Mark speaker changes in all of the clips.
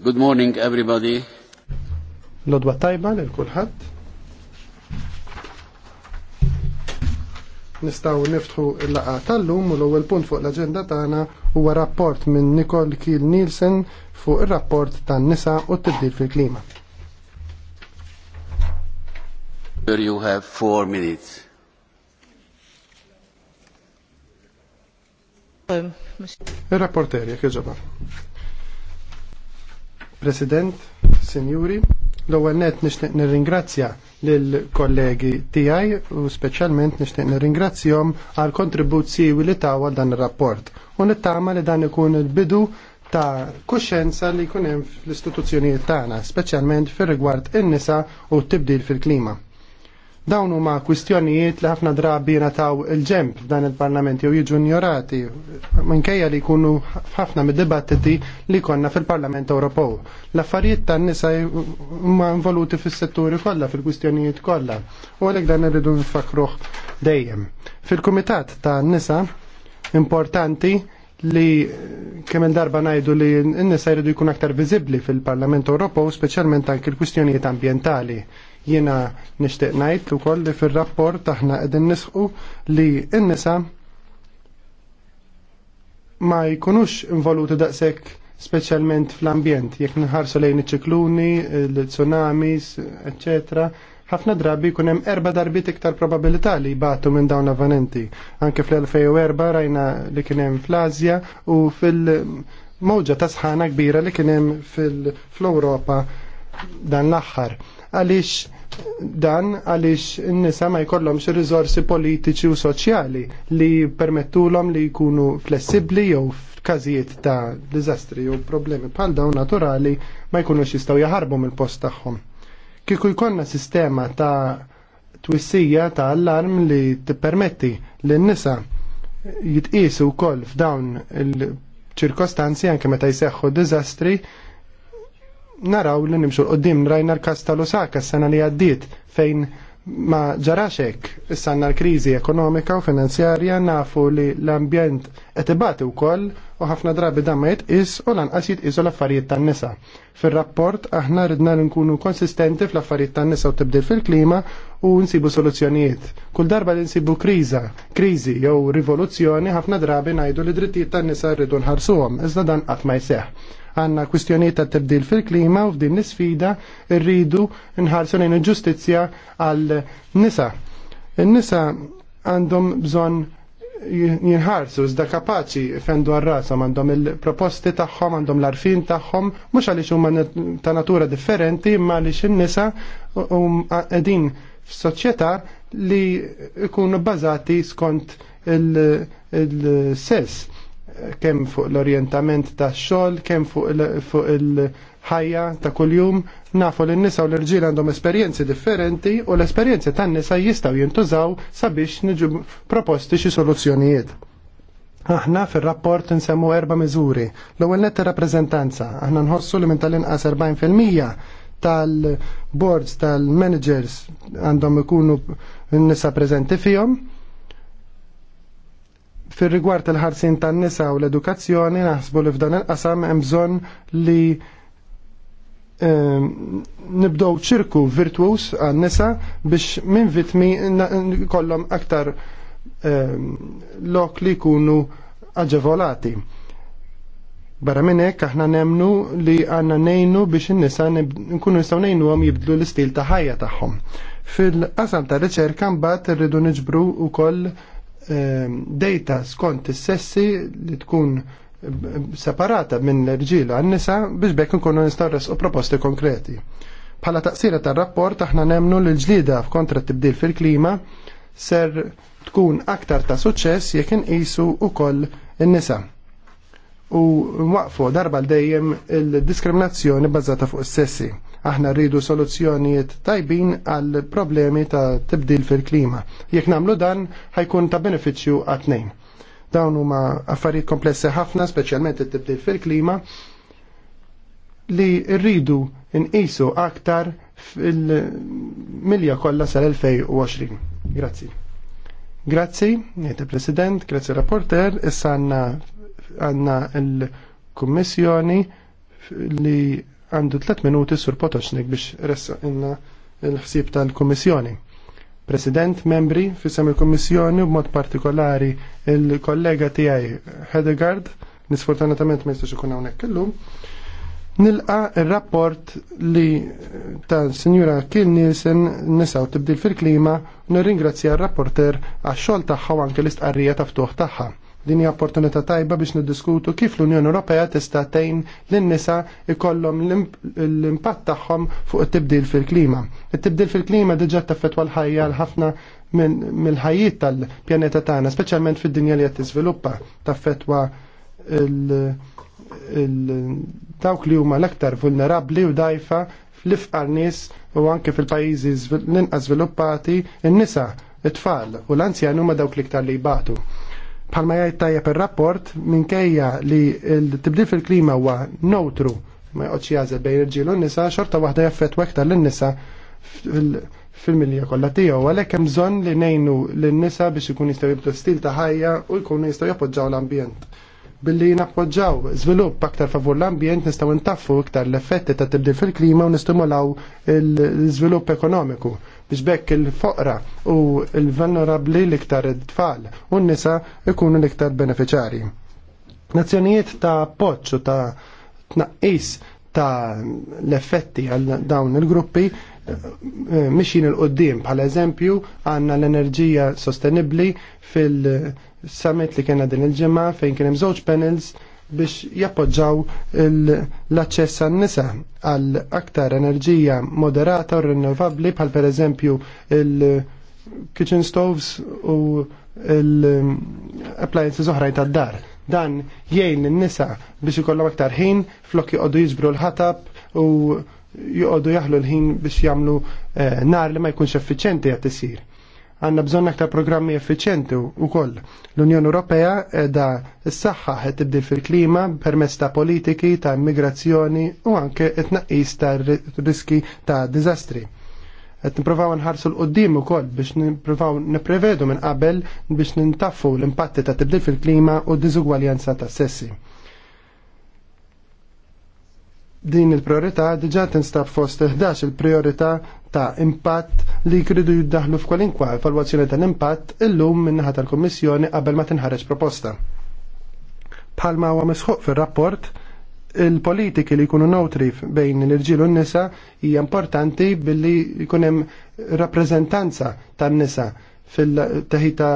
Speaker 1: Good morning everybody.
Speaker 2: Lodwa tajba lil kulħadd. Nistgħu niftħu l-laqgħa tal-lum u l-ewwel punt fuq l-aġenda tagħna huwa rapport minn Nicole Kiel Nielsen fuq ir-rapport tan-nisa u t-tibdil fil-klima.
Speaker 1: You have four minutes.
Speaker 2: il President, senjuri, l-ewwel net nixtieq nirringrazzja lill-kollegi tiegħi u speċjalment nixtieq nirringrazzjahom għal kontribuzzi li taw għal dan ir-rapport. U nittama li dan ikun il-bidu ta' kuxenza li jkun hemm fl-istituzzjonijiet tagħna, speċjalment fir-rigward in-nisa u t-tibdil fil-klima. Dawn huma kwistjonijiet li ħafna drabi nataw il-ġemp dan il parlament jew jiġu ignorati minkejja li jkunu ħafna mid-dibattiti li konna fil-Parlament Ewropew. L-affarijiet tan-nisa huma involuti fis-setturi kollha fil-kwistjonijiet kollha. U għalhekk dan irridu nfakruh dejjem. Fil-Kumitat tan-nisa importanti li kemm darba ngħidu li n-nisa jridu jkun aktar viżibbli fil-Parlament Ewropew, speċjalment anke l-kwistjonijiet ambjentali Jiena nixtieq ngħid ukoll li fir-rapport aħna edin nisħu li n-nisa ma jkunux involuti daqshekk speċjalment fl-ambjent, jekk nħarsu lejn iċ-ċikluni, l-tsunamis, eccetera, ħafna drabi jkun hemm erba' darbit iktar probabilità li batu minn dawn l-avvenenti. Anke fl-2004 rajna li kien hemm fl azja u fil- Mowġa ta' sħana kbira li kien hemm fl-Ewropa dan l-aħħar. Għaliex dan għaliex n-nisa ma jkollhomx ir politiċi u soċjali li permettulhom li jkunu flessibbli jew f'każijiet ta' diżastri jew problemi bħal dawn naturali ma jkunux jistgħu jaħarbu mill-post tagħhom. Kieku jkollna sistema ta' twissija ta' allarm li tippermetti li n-nisa jitqisu wkoll f'dawn il-ċirkostanzi anke meta jseħħu diżastri naraw li nimxu l-qoddim rajna l-kas tal-Osaka s-sena li għaddit fejn ma ġaraxek s-sanna l-krizi ekonomika u finanzjarja nafu li l-ambjent etibati u koll u ħafna drabi damma jitqis u lanqas jitqis u l-affarijiet tan-nisa. Fil-rapport aħna ridna li nkunu konsistenti fl-affarijiet tan-nisa u tibdil fil-klima u nsibu soluzzjonijiet. Kull darba li nsibu kriza, krizi jew rivoluzzjoni ħafna drabi najdu li drittijiet tan-nisa rridu nħarsuhom, iżda dan qatt ma jseħ għanna kwistjoniet ta' tibdil fil-klima u f'din l rridu nħarsu lejn il-ġustizzja għal nisa. Il-nisa għandhom bżon jinħarsu iżda kapaċi fendu għarrasom għandhom il-proposti tagħhom, għandhom l-arfin tagħhom, mhux għaliex huma ta' natura differenti, imma għaliex in-nisa f um, f'soċjetà li jkunu bbażati skont il-sess kemm fuq l-orientament ta' xogħol, kemm fuq il-ħajja ta' kuljum, nafu li n-nisa u l-irġiel għandhom esperjenzi differenti u l-esperjenzi tan nisa jistgħu jintużaw sabiex niġu proposti xi soluzzjonijiet. Aħna fil-rapport nsemmu erba miżuri. L-ewwel netta rappreżentanza. Aħna nħossu li minn tal-inqas 40% tal-boards tal-managers għandhom ikunu n-nisa preżenti fihom fir rigward tal-ħarsin tan-nisa u l-edukazzjoni naħsbu li f'dan il-qasam hemm bżonn li ehm, nibdow ċirku virtuos għan-nisa biex minn vitmi kollhom aktar ehm, lok li jkunu aġevolati. Barra minn hekk aħna nemnu li għandna nejnu biex in-nisa nkunu nistgħu għom jibdlu l-istil ta' ħajja tagħhom. Fil-qasam ta' riċerka mbagħad irridu niġbru wkoll Ehm, data skont is-sessi li tkun separata minn l-ġila għan-nisa biex bekk nkunu nistarres u proposti konkreti. Bħala taqsira tar-rapport aħna nemnu li l ġlida f'kontra tibdil fil-klima ser tkun aktar ta' suċċess jekk inqisu wkoll in-nisa. U waqfu darba l-dejjem il-diskriminazzjoni bbażata fuq is-sessi. Aħna rridu soluzzjonijiet tajbin għal problemi ta' tibdil fil-klima. Jekk nagħmlu dan ħajkun ta' benefiċċju għat Dawn huma affarijiet komplessi ħafna, speċjalment it-tibdil fil-klima, li rridu nqisu aktar fil-milja kollha sal-2020. Grazzi. Grazzi, nieti President, grazzi rapporter, issa għanna il l-Kummissjoni li għandu 3 minuti sur Potoċnik biex ressa inna l-ħsib tal-Komissjoni. President, membri, fissam il-Komissjoni u mod partikolari il-kollega tijaj Hedegard, nisfortunatament ma jistax ikun hawnhekk illum, nilqa il-rapport li ta' Sinjura Kiel Nielsen nisaw tibdil fil-klima u nirringrazzja r-rapporter għax-xogħol tagħha u anke l-istqarrija ta' ftuħ tagħha. Din hija opportunità tajba biex niddiskutu kif l-Unjoni Ewropea tista' tgħin lin-nisa ikollhom l-impatt tagħhom fuq it-tibdil fil-klima. It-tibdil fil-klima diġà taffetwa l-ħajja l-ħafna mill-ħajjiet tal-pjaneta tagħna, speċjalment fid-dinja li qed tiżviluppa taffetwa dawk li huma l-aktar vulnerabbli u dajfa fl-ifqar nies u anke fil-pajjiżi l-inqas żviluppati, in-nisa, it-tfal u l-anzjan huma dawk l-iktar li jbatu. Palma jgħid tajjeb ir-rapport minkejja li l-tibdil fil-klima huwa notru ma jqgħodx jażel bejn irġiel u nisa xorta waħda jaffettwa aktar lin-nisa fil-milja kollha tiegħu għalhekk hemm bżonn li ngħinu lin-nisa biex ikun jistgħu jibdu stil ta' ħajja u jkunu jistgħu jappoġġaw l-ambjent. Billi nappoġġaw żvilupp aktar favur l-ambjent nistgħu ntaffu iktar l-effetti ta' tibdil fil-klima u nistimulaw l-żvilupp ekonomiku biex il-foqra u il-vulnerabli l-iktar tfal u n-nisa ikunu l-iktar beneficjari. Nazzjonijiet ta' poċ u ta' tnaqqis ta' l-effetti għal dawn il-gruppi eh, mixin il-qoddim bħal eżempju għanna l-enerġija sostenibli fil-summit li kena din il-ġemma fejn kien hemm żewġ panels biex jappoġġaw l-aċċess għan nisa għal aktar enerġija moderata u rinnovabbli bħal pereżempju il-kitchen stoves u l-appliances oħrajn tad-dar. Dan jgħin n-nisa biex ikollhom aktar ħin flok joqogħdu jiġbru l-ħatab u joqogħdu jaħlu l-ħin biex jagħmlu eh, nar li ma jkunx effiċjenti qed isir. Għanna bżon aktar programmi effiċjenti u koll. L-Unjoni Ewropea edha s-saxħa qed tibdil fil-klima permezz ta' politiki ta' immigrazzjoni u anke etnaqis tnaqqis ta' riski ta' diżastri. Qed nippruvaw nħarsu l-qoddim ukoll biex nippruvaw nipprevedu minn qabel biex nintaffu l-impatti ta' tibdil fil-klima u d-diżugwaljanza ta' sessi din il-priorità diġa tinstab fost 11 il-priorità ta' impatt li jridu jiddaħlu f'kwalinkwa evalwazzjoni tal-impatt illum minnaħa tal-Kommissjoni qabel ma tinħareġ proposta. Bħalma huwa misħuq fir-rapport, il-politiki li jkunu notri bejn l-irġiel u n-nisa hija importanti billi jkun hemm rappreżentanza tan-nisa fil-teħita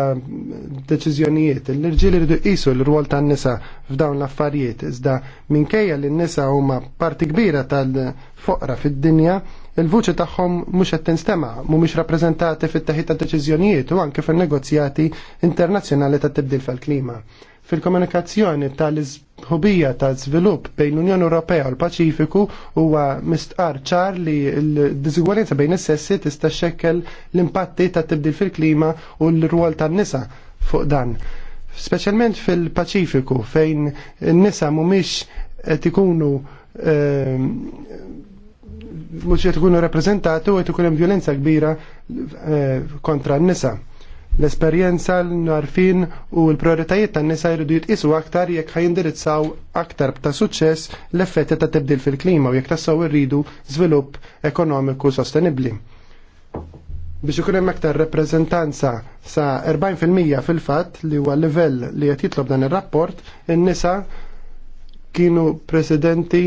Speaker 2: deċizjonijiet. L-irġiel irridu jisu l-rwol tan nisa f'dawn l-affarijiet. Iżda minkejja li n-nisa huma parti kbira tal-foqra fid-dinja, il-vuċi tagħhom mhux qed tinstema' mhumiex rappreżentati fit-teħid ta' deċiżjonijiet u anke fin-negozjati internazzjonali ta' tibdil fil-klima. Fil-komunikazzjoni tal-ħubija ta' żvilupp bejn l-Unjoni Ewropea u l-Paċifiku huwa mistqar ċar li l-diżigwalenza bejn is-sessi tista' xekkel l-impatti ta' tibdil fil-klima u l-rwol tan-nisa fuq dan. Speċjalment fil-Paċifiku fejn n-nisa mhumiex qed ikunu ehm, mhux qed ikunu reprezentatu u qed ikun hemm violenza kbira eh, kontra n-nisa. L-esperjenza, l-narfin u l-prioritajiet tan-nisa jridu jitqisu aktar jekk ħajindirizzaw aktar ta' suċċess l-effetti ta' tibdil fil-klima u jekk tassaw irridu żvilupp ekonomiku sostenibbli biex ikun hemm aktar rappreżentanza sa 40% fil-fatt li huwa livell li qed jitlob dan ir-rapport, in-nisa kienu presidenti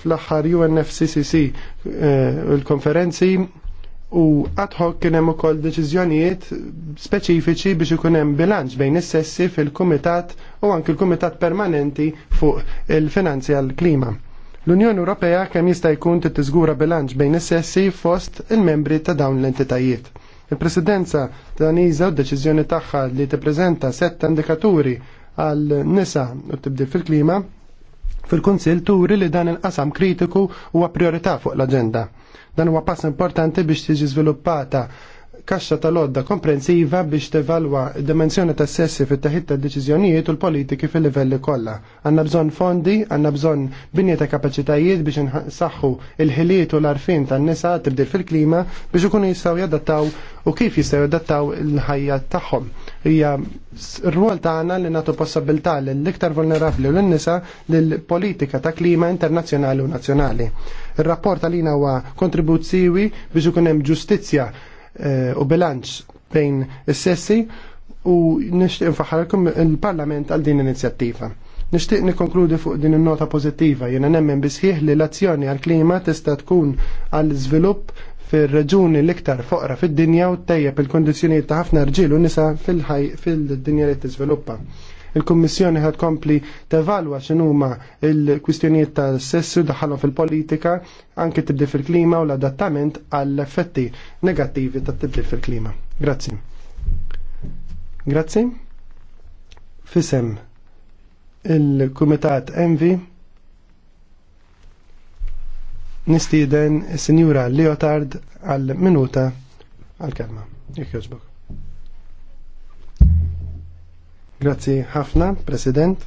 Speaker 2: fl-aħħar UNFCCC eh, il-konferenzi u ad hoc kien hemm ukoll deċiżjonijiet speċifiċi biex ikun hemm bilanċ bejn is-sessi fil-kumitat u anke l-kumitat permanenti fuq il-finanzi għall-klima. L-Unjoni Ewropea kemm jista' jkun titiżgura bilanċ bejn is-sessi fost il-membri ta' dawn l-entitajiet. Il-Presidenza Daniża u deċiżjoni tagħha li tippreżenta setta indikaturi għal nisa u tibdil fil-klima fil-Kunsill turi li dan il-qasam kritiku huwa priorità fuq l-aġenda. Dan huwa pass importanti biex tiġi żviluppata kaxxa tal-odda komprensiva biex tevalwa dimensjoni ta' sessi fit taħit tad deċiżjonijiet u l-politiki fil-livelli kollha. Għandna bżonn fondi, għandna bżonn binja ta' kapaċitajiet biex nsaħħu il-ħiliet u l-arfin tan-nisa tibdil fil-klima biex ikunu jistgħu jadattaw u kif jistgħu jadattaw il-ħajja tagħhom hija r-rwol tagħna li nagħtu possibilità lill-iktar vulnerabbli u lin-nisa lill-politika ta' klima internazzjonali u nazzjonali. Ir-rapport għalina huwa kontribut siwi biex ikun hemm ġustizzja eh, u bilanċ bejn is-sessi u nixtieq nfaħħarkom il-Parlament għal din l-inizjattiva. Nixtieq nikkonkludi fuq din in-nota pożittiva jiena nemmen bisħih li l-azzjoni għall-klima tista' tkun għall-iżvilupp fir-reġuni l-iktar foqra fid-dinja u tejjeb il-kondizzjonijiet ta' ħafna rġil u nisa fil-dinja li tiżviluppa. Il-Kummissjoni ħad kompli tevalwa x'inhuma il-kwistjonijiet ta' sessu daħalom fil-politika anke t fil-klima u l-adattament għall-effetti negattivi ta' t fil-klima. Grazzi. Grazzi. Fisem il-Kumitat Envi Nistieden Sinjura Leotard għal minuta għal kelma. Jekk Grazzi ħafna, President,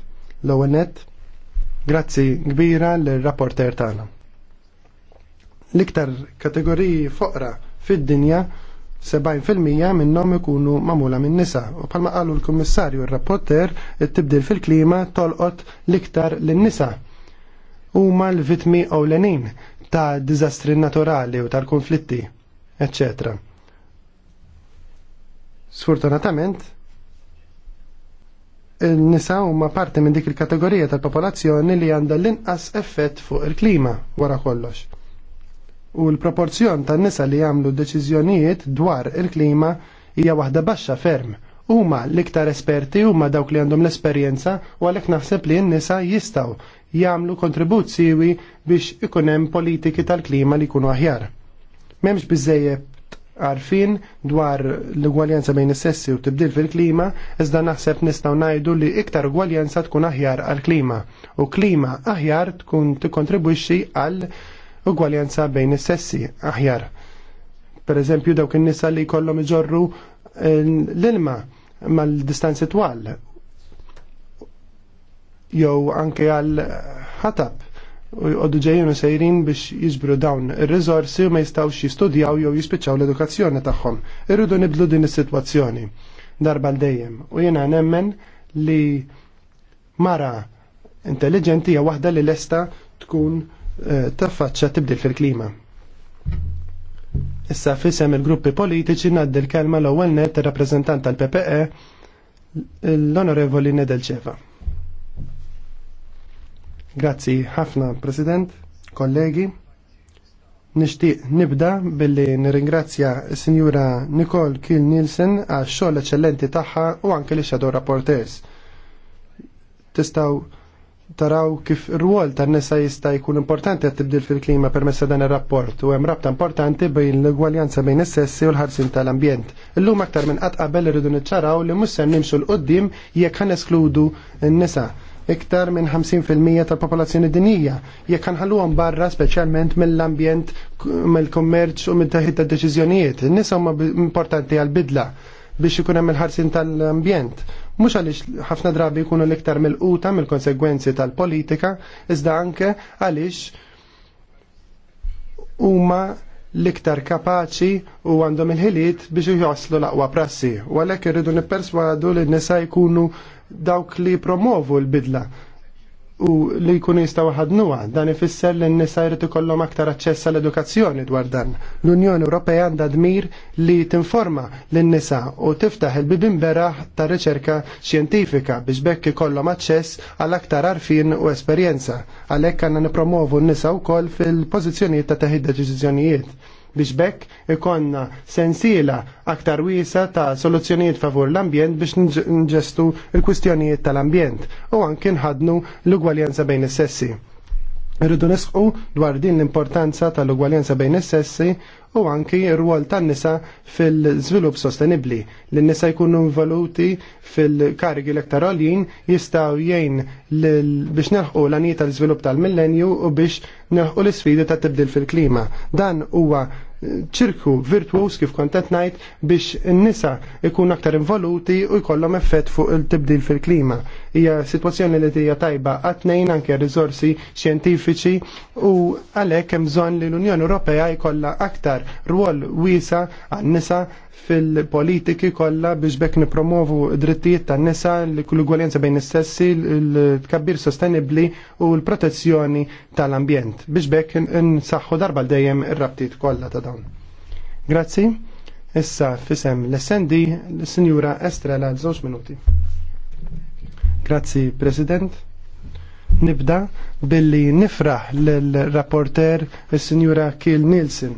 Speaker 2: l owenet Grazzi kbira l-rapporter tagħna. L-iktar kategoriji foqra fid-dinja 70% minnhom ikunu magħmula minn nisa u bħalma qalu l-Kummissarju r-rapporter it-tibdil fil-klima tolqot l-iktar lin-nisa huma l-vitmi ewlenin ta' dizastri naturali u tal-konflitti, etc. Sfortunatament, il-nisa huma parti minn dik il-kategorija tal-popolazzjoni li għandha l-inqas effett fuq il-klima wara kollox. U l-proporzjon tan-nisa li jagħmlu deċiżjonijiet dwar il-klima hija waħda baxxa ferm huma l-iktar esperti huma dawk li għandhom l-esperjenza u għalhekk naħseb li n-nisa jistgħu jagħmlu kontribut siwi biex ikun hemm politiki tal-klima li jkunu aħjar. M'hemmx biżejjed għarfin dwar l-ugwaljanza bejn is-sessi u tibdil fil-klima, iżda naħseb nistgħu ngħidu li iktar ugwaljanza tkun aħjar għall-klima u klima aħjar tkun tikkontribwixxi għal ugwaljanza bejn is-sessi aħjar. Per eżempju dawk in-nisa li jkollhom iġorru eh, l-ilma mal-distanzi twal jew anke għal ħatab u jqoddu ġejjinu sejrin biex jiġbru dawn ir rizorsi u ma jistawx jistudjaw jew jispiċċaw l-edukazzjoni tagħhom. Irridu nibdlu din is-sitwazzjoni darba dejjem u jiena nemmen li mara intelligenti hija waħda li lesta tkun eh, taffaċċa tibdil fil-klima. Issa fissem il-gruppi politiċi naddi l-kelma l-ewwel net rappreżentant tal-PPE l-Onorevoli Nedelċeva. Grazzi ħafna, President, kollegi. Nixtieq nibda billi nirringrazzja s-Sinjura Nicole Kiel Nielsen għax xogħol eċċellenti tagħha u anke li xadu rapporteurs. Tistgħu taraw kif ir-rwol tan-nisa jista' jkun importanti għat tibdil fil-klima permessa dan ir-rapport u hemm rabta importanti bejn l-ugwaljanza bejn is-sessi u l-ħarsin tal-ambjent. Illum aktar minn qatt qabel irridu niċċaraw li mhux se nimxu l qudiem jekk eskludu n-nisa iktar minn 50% tal-popolazzjoni dinija jekk ħanħalluhom barra speċjalment mill-ambjent, mill kummerċ u mill-taħid tad-deċiżjonijiet. In-nisa huma importanti għall-bidla biex ikun hemm il-ħarsin tal-ambjent. Mhux għaliex ħafna drabi jkunu l-iktar mill-quta mill-konsegwenzi tal-politika, iżda anke għaliex huma l-iktar kapaċi u għandhom il-ħiliet biex joslu l-aqwa prassi. U għalhekk irridu nipperswadu li n-nisa jkunu dawk li promovu l-bidla u li jkunu jistgħu ħadnuha dan ifisser li n-nisa jrid ikollhom aktar aċċess għall edukazzjoni dwar dan. L-Unjoni Ewropea għandha dmir li tinforma lin-nisa u tiftaħ il-bibin beraħ ta' riċerka xjentifika biex bekk ikollhom aċċess għal aktar arfin u esperjenza. Għalhekk għandna nippromovu n-nisa wkoll fil-pożizzjonijiet ta' taħid deċizjonijiet biex bekk ikonna sensiela aktar wiesa ta' soluzzjonijiet favur l-ambjent biex nġestu il-kwistjonijiet tal-ambjent u anke nħadnu l-ugwaljanza bejn is-sessi. Irridu nisqu dwar din l-importanza tal-ugwaljanza bejn is-sessi u anki r-rwol tan-nisa fil-żvilupp sostenibbli. Li n-nisa jkunu involuti fil-karigi elektoralin jistgħu jgħin biex neħqu l-anijiet tal-żvilupp tal-millenju u biex neħqu l-isfidi ta' tibdil fil-klima. Dan huwa ċirku virtuos kif kontet najt biex n-nisa ikun aktar involuti u jkollhom effett fuq il-tibdil fil-klima. Hija situazzjoni li hija tajba għatnejn anke riżorsi xjentifiċi u għalhekk hemm bżonn li l-Unjoni Ewropea jkollha aktar rwol wiesa għan-nisa fil-politiki kollha biex bekk nipromovu drittijiet tan-nisa, l-ugwaljanza bejn is l-tkabbir sostenibbli u l-protezzjoni tal-ambjent biex bekk nsaħħu darba dejjem ir-rabtiet kollha ta' dawn. Grazzi. Issa fisem l-SND l-Sinjura Estrela għal żewġ minuti. Grazzi, President. Nibda billi nifraħ l-rapporter, l sinjura Kiel Nielsen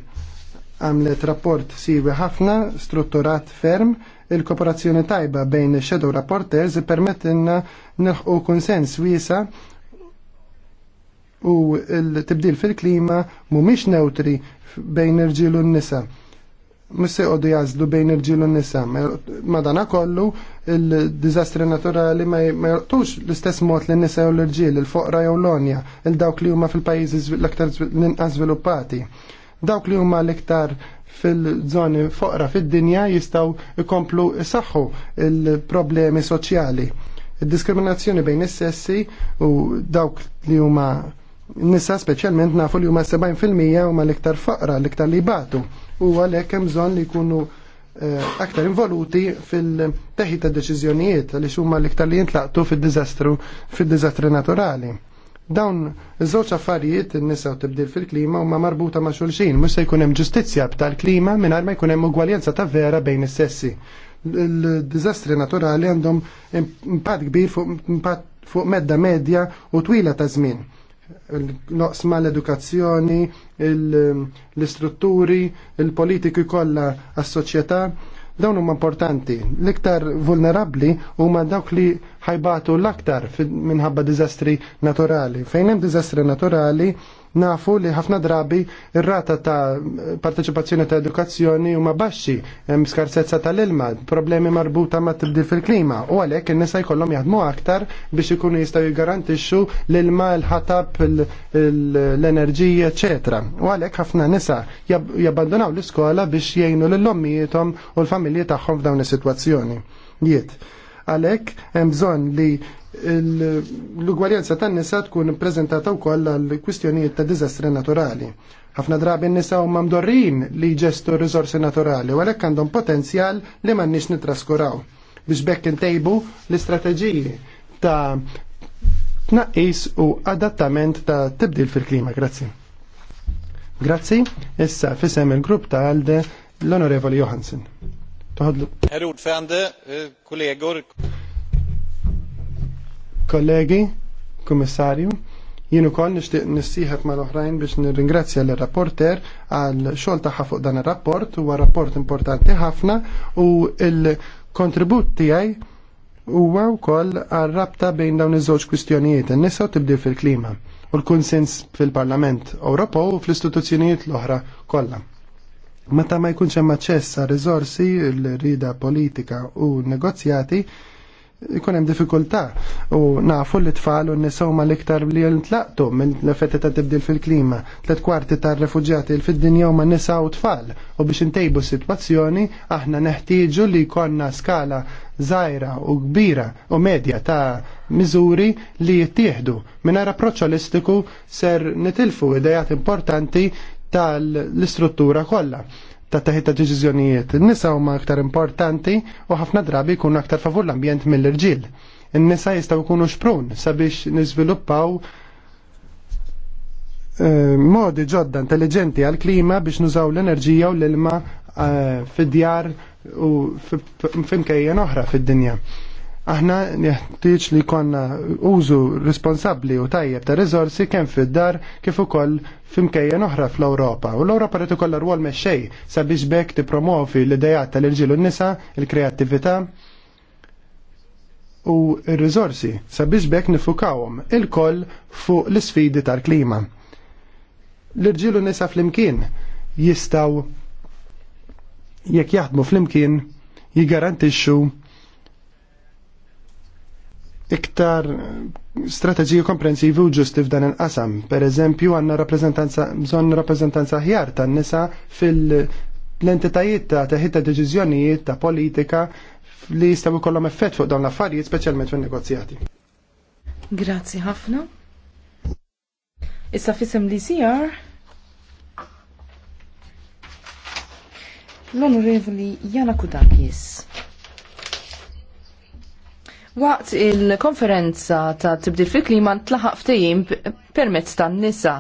Speaker 2: għamlet rapport siwi ħafna, strutturat ferm, il-kooperazzjoni tajba bejn shadow rapporters permettinna nħu konsens wiesa u l-tibdil fil-klima mumiex neutri bejn irġiel n-nisa. Musse għoddu jazlu bejn irġiel n-nisa. Madana kollu il-dizastri naturali ma jortux l-istess mod l-nisa u l-irġiel, il-foqra jew l-onja, il-dawk li huma fil-pajjiżi l-aktar n-azviluppati. Dawk li huma l-iktar fil-żoni foqra fid-dinja jistaw ikomplu saħħu il-problemi soċjali. Il-diskriminazzjoni bejn is-sessi u dawk li huma nisa speċjalment nafu li huma 70% huma l-iktar foqra, l-iktar li batu. U għalhekk hemm bżonn li jkunu eh, aktar involuti fil-teħi ta' deċiżjonijiet li huma l-iktar li jintlaqtu fid-diżastru fid-diżastri naturali. Dawn iż-żewġ affarijiet in-nisa u tibdil fil-klima huma marbuta ma' xulxin, mhux se jkun hemm ġustizzja btal klima mingħajr ma jkun hemm ugwaljenza ta' vera bejn is-sessi. Il-diżastri naturali għandhom impatt kbir fuq impatt fuq medda medja u twila ta' żmien noqsma l-edukazzjoni, l-istrutturi, il-politiku kollha għas-soċjetà Dawn huma importanti. L-iktar vulnerabbli huma dawk li ħajbatu l-aktar minħabba diżastri naturali. Fejn hemm diżastri naturali Nafu li ħafna drabi ir-rata ta' parteċipazzjoni ta' edukazzjoni huma baxxi, hemm skarsezza tal-ilma, problemi marbuta ma' tibdil fil-klima u għalhekk in-nisa jkollhom jaħdmu aktar biex ikunu jistgħu jgarantixxu l-ilma, l-ħatab, l-enerġija, etc. U għalhekk ħafna nisa jabbandonaw l-iskola biex jgħinu l ommijietom u l-familji tagħhom f'dawn is-sitwazzjoni. Jiet għalek hemm bżonn li l-ugwaljanza tan nisa tkun prezentata wkoll għal kwistjonijiet ta' diżastri naturali. Ħafna drabi n-nisa huma mdorrin li jġestu rizorsi naturali, u għalhekk għandhom potenzjal li m'għandniex nitraskuraw biex bekk intejbu l-istrateġiji ta' tnaqqis u adattament ta' tibdil fil-klima. Grazzi. Grazzi, issa fissem il-grupp ta' għalde l-Onorevoli Johansen. Herr ordförande, eh, kollegor. Kollegi, Kummissarju, jien ukoll nixtieq nissieħeb mal-oħrajn biex nirringrazzja l-rapporter għal xogħol tagħha fuq dan ir-rapport, huwa rapport importanti ħafna u l-kontribut tiegħi huwa wkoll għal rabta bejn dawn iż-żewġ kwistjonijiet, in-nisa u tibdil fil-klima u l-kunsens fil-Parlament Ewropew u fl-istituzzjonijiet l-oħra kollha. Meta ma jkunx hemm aċċess għar riżorsi l-rida politika u negozjati, ikun hemm diffikultà u nafu li tfal u n-nisa huma l-iktar li ntlaqtu minn l-effetti ta' tibdil fil-klima. Tlet kwarti tar-refuġjati fid-dinja huma nisa u tfal u biex intejbu s-sitwazzjoni aħna neħtieġu li jkollna skala żgħira u kbira u medja ta' miżuri li jittieħdu. Mingħajr approċċ ser nitilfu idejat importanti tal-istruttura kollha ta' taħi ta' deċiżjonijiet. In-nisa huma aktar importanti u ħafna drabi jkunu aktar favur l-ambjent mill-irġiel. In-nisa jistgħu jkunu xprun sabiex niżviluppaw eh, modi ġodda intelligenti għal-klima biex nużaw l-enerġija u l-ilma eh, fid-djar u fimkejja oħra fid-dinja. Aħna neħtieġ li konna użu responsabli u tajjeb ta' rizorsi kemm fid-dar kif ukoll f'imkejjen oħra fl-Ewropa. U l-Ewropa rid ikollha rwol mexxej sabiex bekk tippromovi l-idejat tal-irġiel u n-nisa, il-kreattività u r-riżorsi sabiex bekk nifukawhom il-koll fuq l-isfidi tal-klima. L-irġiel u nisa fl-imkien jistgħu jekk jaħdmu fl-imkien jiggarantixxu iktar strategiju komprensivi u ġusti f'dan il-qasam. Per eżempju, għanna rappresentanza, bżon rappresentanza ħjar tan nisa fil-entitajiet ta' teħita deċiżjonijiet ta' politika li jistaw ikollhom effett fuq dawn l-affarijiet, speċjalment fin-negozjati.
Speaker 3: Grazzi ħafna. Issa fissem li sijar l-onorevoli Jana Kudakis. Waqt il-konferenza ta' tibdil fil klima tlaħaq ftejim permezz tan nisa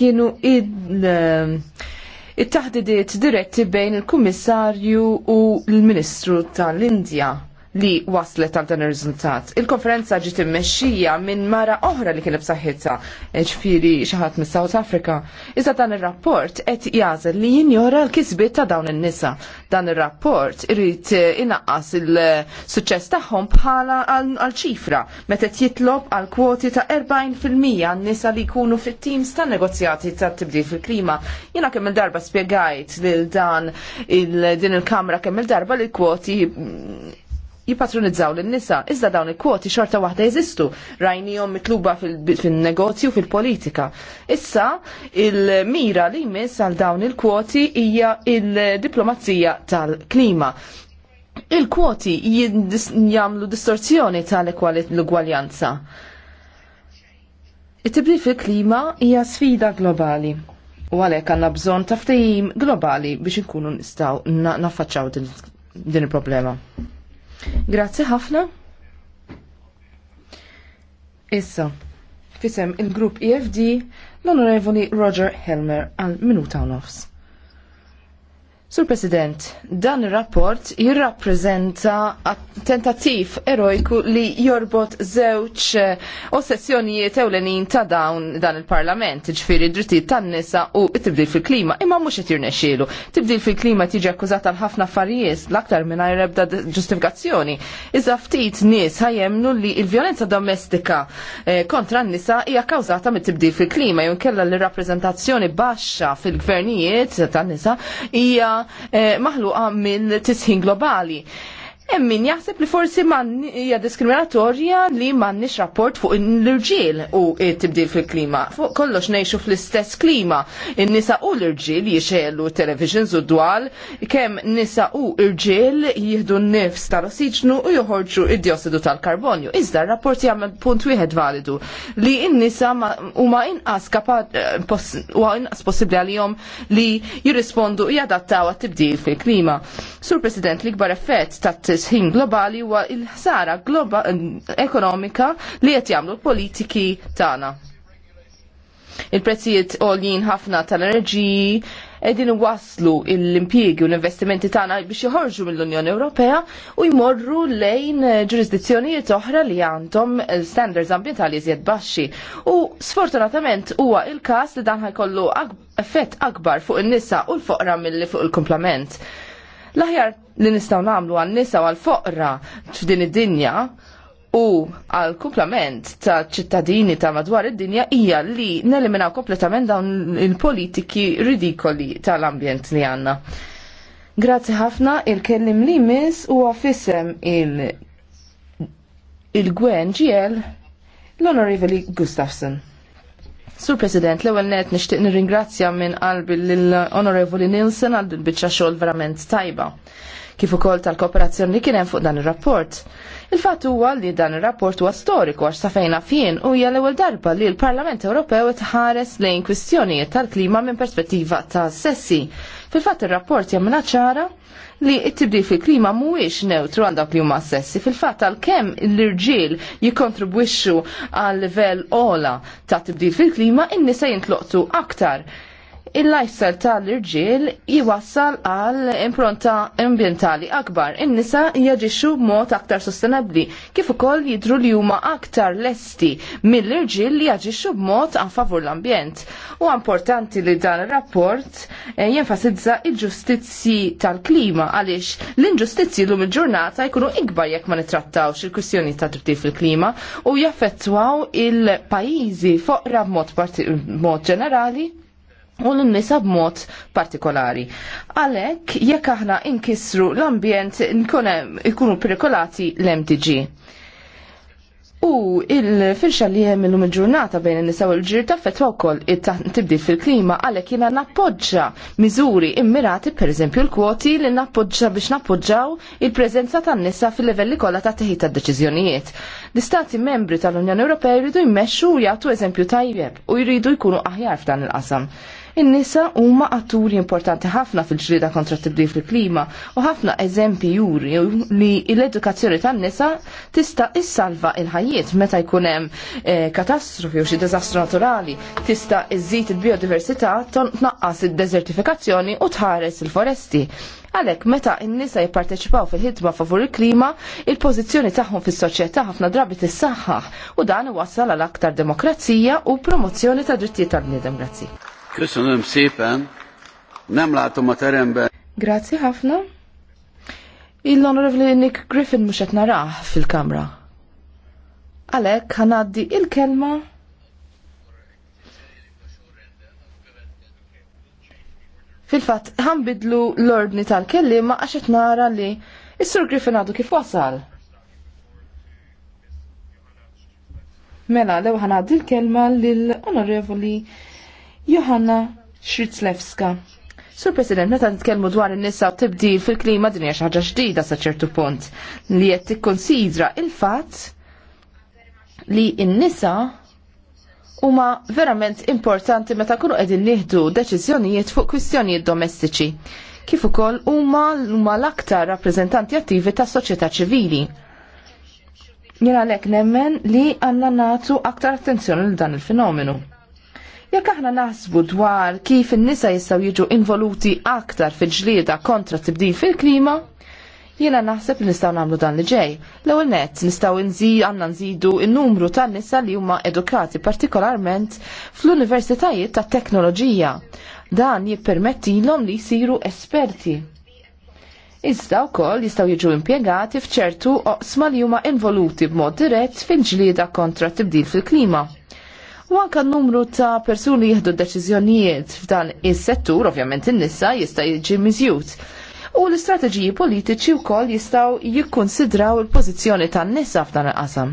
Speaker 3: kienu il-taħdidiet eh, diretti bejn il-Kummissarju u l-Ministru tal-Indja li waslet għal dan ir-riżultat. Il-konferenza ġiet immexxija minn mara oħra li kienet b'saħħitha, ġifieri xi ħadd mis South Africa. Iżda dan ir-rapport qed jażel li jinjora l-kisbiet ta' dawn in-nisa. Dan ir-rapport irid inaqqas il-suċċess tagħhom bħala għal ċifra meta qed jitlob għal kwoti ta' 40% għan-nisa li jkunu fit-teams ta' negozjati ta' tibdil fil-klima. Jiena kemm il-darba spjegajt lil dan il-din il-kamra kemm il-darba li kwoti jipatronizzaw l-nisa, iżda dawn il-kwoti xorta waħda jeżistu, rajnijom mitluba fil-negozju, fil-politika. Issa, il-mira li jmiss għal dawn il-kwoti hija il-diplomazija tal-klima. Il-kwoti jgħamlu distorzjoni tal-ugwaljanza. It-tibdil fil-klima hija sfida globali. U għalek għanna bżon taftajim globali biex nkunu nistaw naffaċċaw din il-problema. Grazzi ħafna. Issa, fisem il-grupp EFD l-Onorevoli Roger Helmer għal minuta u nofs. Sur President, dan ir-rapport jirrapprezenta tentativ erojku li jorbot żewġ eh, ossessjonijiet ewlenin ta' dawn dan il-Parlament, ġifiri drittijiet tan-nisa u tibdil fil-klima, imma mhux qed jirnexxielu. Tibdil fil-klima tiġi akkużata għal ħafna affarijiet l-aktar mingħajr ebda ġustifikazzjoni. Iżda ftit nies ħajemnu li l-vjolenza domestika eh, kontra n-nisa hija kawzata mit-tibdil fil-klima jew kella l rapprezentazzjoni baxxa fil-gvernijiet tan-nisa hija Eh, maħluqa minn tisħin globali hemm min jaħseb li forsi man hija diskriminatorja li m'għandniex rapport fuq l-irġiel u t-tibdil fil-klima. Fuq kollox ngħixu fl-istess klima. In-nisa u l-irġiel jixelu televisions u dwal kemm nisa u irġiel jieħdu n-nifs tal-ossiġnu u joħorġu id-diossidu tal-karbonju. Iżda r-rapport jagħmel punt wieħed validu li n-nisa huma inqas huwa inqas possibbli għalihom li jirrispondu jadattaw għat-tibdil fil-klima. Sur President, l-ikbar effett tat sħin globali huwa il-ħsara ekonomika li qed jagħmlu l-politiki tagħna. Il-prezzijiet għoljin ħafna tal-enerġiji edin waslu l-impjiegi u l-investimenti tagħna biex joħorġu mill-Unjoni Ewropea u jmorru lejn ġurisdizzjonijiet oħra li għandhom standards ambjentali żjed baxxi. U sfortunatament huwa il-każ li dan ħajkollu effett akbar fuq in-nisa u l-foqra mill fuq il-komplement. il komplement il L-aħjar li nistaw namlu għan nisa għal foqra f'din id-dinja u għal kumplament ta' ċittadini ta' madwar id-dinja hija li neliminaw kompletament dawn il-politiki ridikoli tal-ambjent li għanna. Grazzi ħafna il-kellim li mis u għafisem il- il-Gwen ġiel l-Honorevoli Gustafsson. Sur President, l-ewel net nishtiq nirringrazzja minn qalbi l-Onorevoli Nilsen għal biċċa xogħol verament tajba. Kif ukoll tal-kooperazzjoni li kien hemm fuq dan ir-rapport. Il-fatt huwa li dan ir-rapport huwa storiku għax sa fejna fien hija l-ewwel darba li l-Parlament Ewropew tħares lejn kwistjonijiet tal-klima minn perspettiva ta' sessi Fil-fatt ir-rapport jemmina ċara li t-tibdil fil-klima mhuwiex neutru għal dawk li huma sessi. Fil-fatt għalkemm l-irġiel jikkontribwixxu għal livell ola ta' tibdil fil-klima, in-nisa jintloqtu aktar il-lifestyle tal-irġiel jiwassal għal impronta ambientali akbar. In-nisa jaġixxu b'mod aktar sostenabbli kif ukoll jidru li huma aktar lesti mill-irġiel li jaġixxu b'mod għan favur l-ambjent. U importanti li dan ir-rapport eh, jenfasizza il ġustizzi tal-klima għaliex l-inġustizzji lum il-ġurnata jkunu ikbar jekk ma nitrattawx il-kwistjoni ta' tibdil fil-klima u jaffettwaw il-pajjiżi foqra b'mod ġenerali u l-nisa b'mod partikolari. Għalek, jekk aħna inkisru l-ambjent ikunu perikolati l-MTG. U il-firxa li jem il il-ġurnata bejn il-nisa u l-ġir ta' fetwa wkoll tibdil fil-klima għalhekk jiena nappoġġa miżuri immirati pereżempju l-kwoti li nappoġġa biex nappoġġaw il-preżenza tan-nisa fil-livelli kollha ta' teħi tad-deċiżjonijiet. L-istati membri tal-Unjoni Ewropea jridu jmexxu u jagħtu eżempju tajjeb u jridu jkunu aħjar f'dan il-qasam. In-nisa huma atturi importanti ħafna fil-ġrieda kontra tibdil fil-klima u ħafna eżempji juri li l-edukazzjoni tan-nisa tista' issalva il-ħajjiet meta jkun hemm eh, katastrofi u xi dizastru naturali, tista' iżid il-biodiversità tnaqqas id-deżertifikazzjoni u tħares il-foresti. Għalek, meta n-nisa jipparteċipaw fil-ħidma favur il-klima, il-pozizjoni tagħhom fis-soċjetà ħafna drabi tissaħħaħ u dan iwassal għal aktar demokrazija u promozzjoni ta' drittijiet tal-bniedem. Grazzi.
Speaker 1: Köszönöm szépen. Nem látom a teremben.
Speaker 3: Grazie ħafna. Il-Honorable Nick Griffin mhux qed naraħ fil-kamra. Għalhekk ħanaddi il-kelma Fil-fatt, bidlu l-ordni tal-kellima għax qed nara li is-Sur Griffin għadu kif wasal. Mela, lew ħanaddi l-kelma lill-Onorevoli Johanna Schritzlewska. Sur President, meta nitkellmu dwar in-nisa u tibdil fil-klima din hija xi ħaġa ġdida sa ċertu punt li qed tikkonsidra il-fatt li n-nisa huma verament importanti meta kunu qegħdin nieħdu deċiżjonijiet fuq kwistjonijiet domestiċi kif ukoll huma huma l-aktar rappreżentanti attivi tas-soċjetà ċivili. Jien għalhekk nemmen li għandna natu aktar attenzjoni l dan il-fenomenu Jekk aħna naħsbu dwar kif in-nisa jistgħu jiġu involuti aktar fil-ġlieda kontra tibdil fil-klima, jiena naħseb li nistgħu nagħmlu dan li ġej. L-ewwel nett nistgħu nżid għandna nżidu n-numru tan-nisa li huma edukati partikolarment fl-universitajiet ta' teknoloġija. Dan jippermettilhom li jsiru esperti. Iżda wkoll jistgħu jiġu impjegati f'ċertu oqsma li huma involuti b'mod dirett fil-ġlieda kontra tibdil fil-klima u anka numru ta' persuni jieħdu deċiżjonijiet f'dan is-settur, ovvjament in-nisa jista' jiġi miżjud. U l-istrateġiji politiċi wkoll jistgħu jikkonsidraw il-pożizzjoni tan-nisa f'dan il-qasam.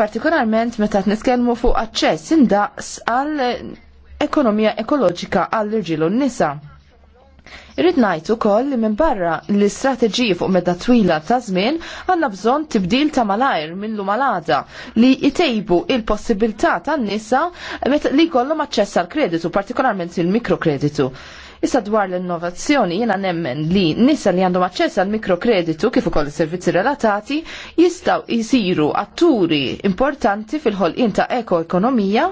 Speaker 3: Partikolarment meta nitkellmu fuq aċċess indaqs għall ekonomija ekoloġika għall-irġiel u n-nisa. Irrid ngħid ukoll li minn barra l-istrateġiji fuq meta twila ta' żmien għandna bżonn tibdil ta' malajr minnu malada li jtejbu il-possibilità tan-nisa li jkollhom aċċess għall kreditu partikolarment il-mikrokreditu. Issa dwar l-innovazzjoni jiena nemmen li nisa li għandhom aċċess għal mikrokreditu kif ukoll is servizzi relatati jistgħu jsiru atturi importanti fil-ħolqien ta' ekoekonomija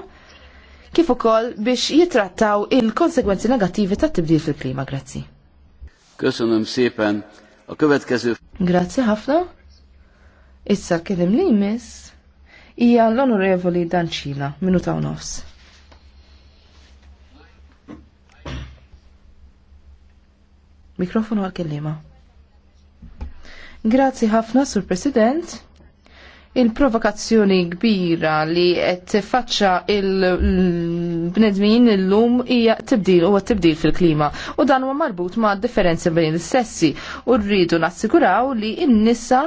Speaker 3: kif ukoll biex jitrattaw il-konsegwenzi negattivi tat-tibdil fil-klima. Grazzi.
Speaker 1: Köszönöm szépen. A következő...
Speaker 3: Grazie Hafna. Issa kellim li jmiss hija l-Onorevoli Danċila, minuta u nofs. Mikrofonu għal-kellima. Grazzi ħafna, Sur President il-provokazzjoni kbira li qed tiffaċċa il-bnedmin illum hija tibdil huwa tibdil fil-klima u dan huwa marbut ma' differenzi bejn is-sessi u rridu nassiguraw li n-nisa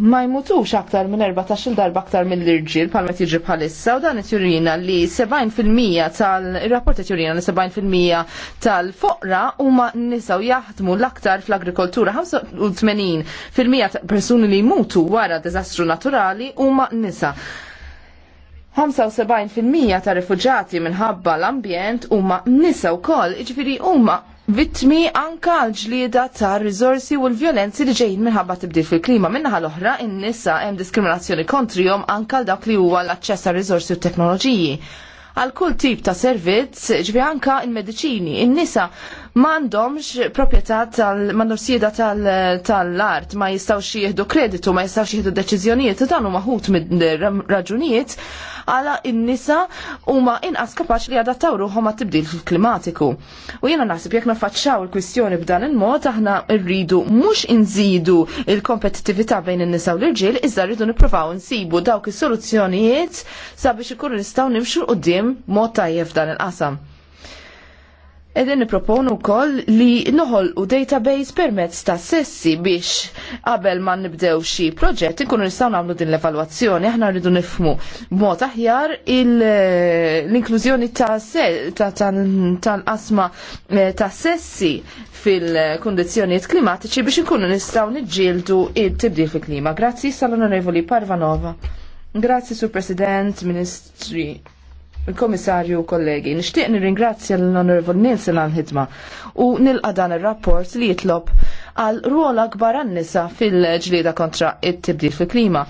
Speaker 3: ma jmutux aktar minn 14 darba aktar mill-irġiel palma jiġri bħalissa u dan it-jurina li 70% tal-rapport it-jurina li 70% tal-foqra huma nisaw jaħdmu l-aktar fl-agrikoltura 85% ta' persuni li jmutu wara dizastru naturali huma nisa. 75% ta' rifugġati minħabba l-ambjent huma nisa wkoll, jiġifieri huma vittmi anka l-ġlieda ta' rizorsi u l-violenzi li ġejjin minħabba tibdil fil-klima. Minnaħa l-oħra, in-nisa hemm diskriminazzjoni kontrihom anka l-dak li huwa l-aċċess ta' rizorsi u teknoloġiji. Għal kull tip ta' servizz, ġvi anka il-medicini, in-nisa m'għandhomx proprjetà tal m'għandhom tal-art ma jistgħux jieħdu kreditu, ma jistgħux jieħdu deċiżjonijiet u dan huma ħut mid-raġunijiet għala n nisa huma inqas kapaċi li adattaw ruħhom għat-tibdil klimatiku. U jiena naħseb jekk nafaċċaw il-kwistjoni b'dan il-mod aħna rridu mhux inżidu il-kompetittività bejn in-nisa u l-irġiel, iżda rridu nippruvaw insibu dawk is-soluzzjonijiet sabiex ikunu nistgħu nimxu qudiem mod tajjeb dan il-qasam. Edin niproponu kol li noħol u database permezz ta' sessi biex qabel ma nibdew xi proġett ikunu nistgħu nagħmlu din l-evalwazzjoni aħna rridu nifmu b'mod aħjar l-inklużjoni ta' tal-qasma eh, ta' sessi fil-kundizzjonijiet klimatiċi biex inkunu nistgħu niġġieldu il-tibdil fil-klima. Grazzi sal-Onorevoli Parvanova. Grazzi Sur President, Ministri il-Komissarju u kollegi, nishtiq nir-ringrazzja l honorable Nielsen għal-ħidma u nilqa dan il-rapport li jitlob għal ruol akbar għannisa nisa fil-ġlieda kontra it-tibdil fil-klima.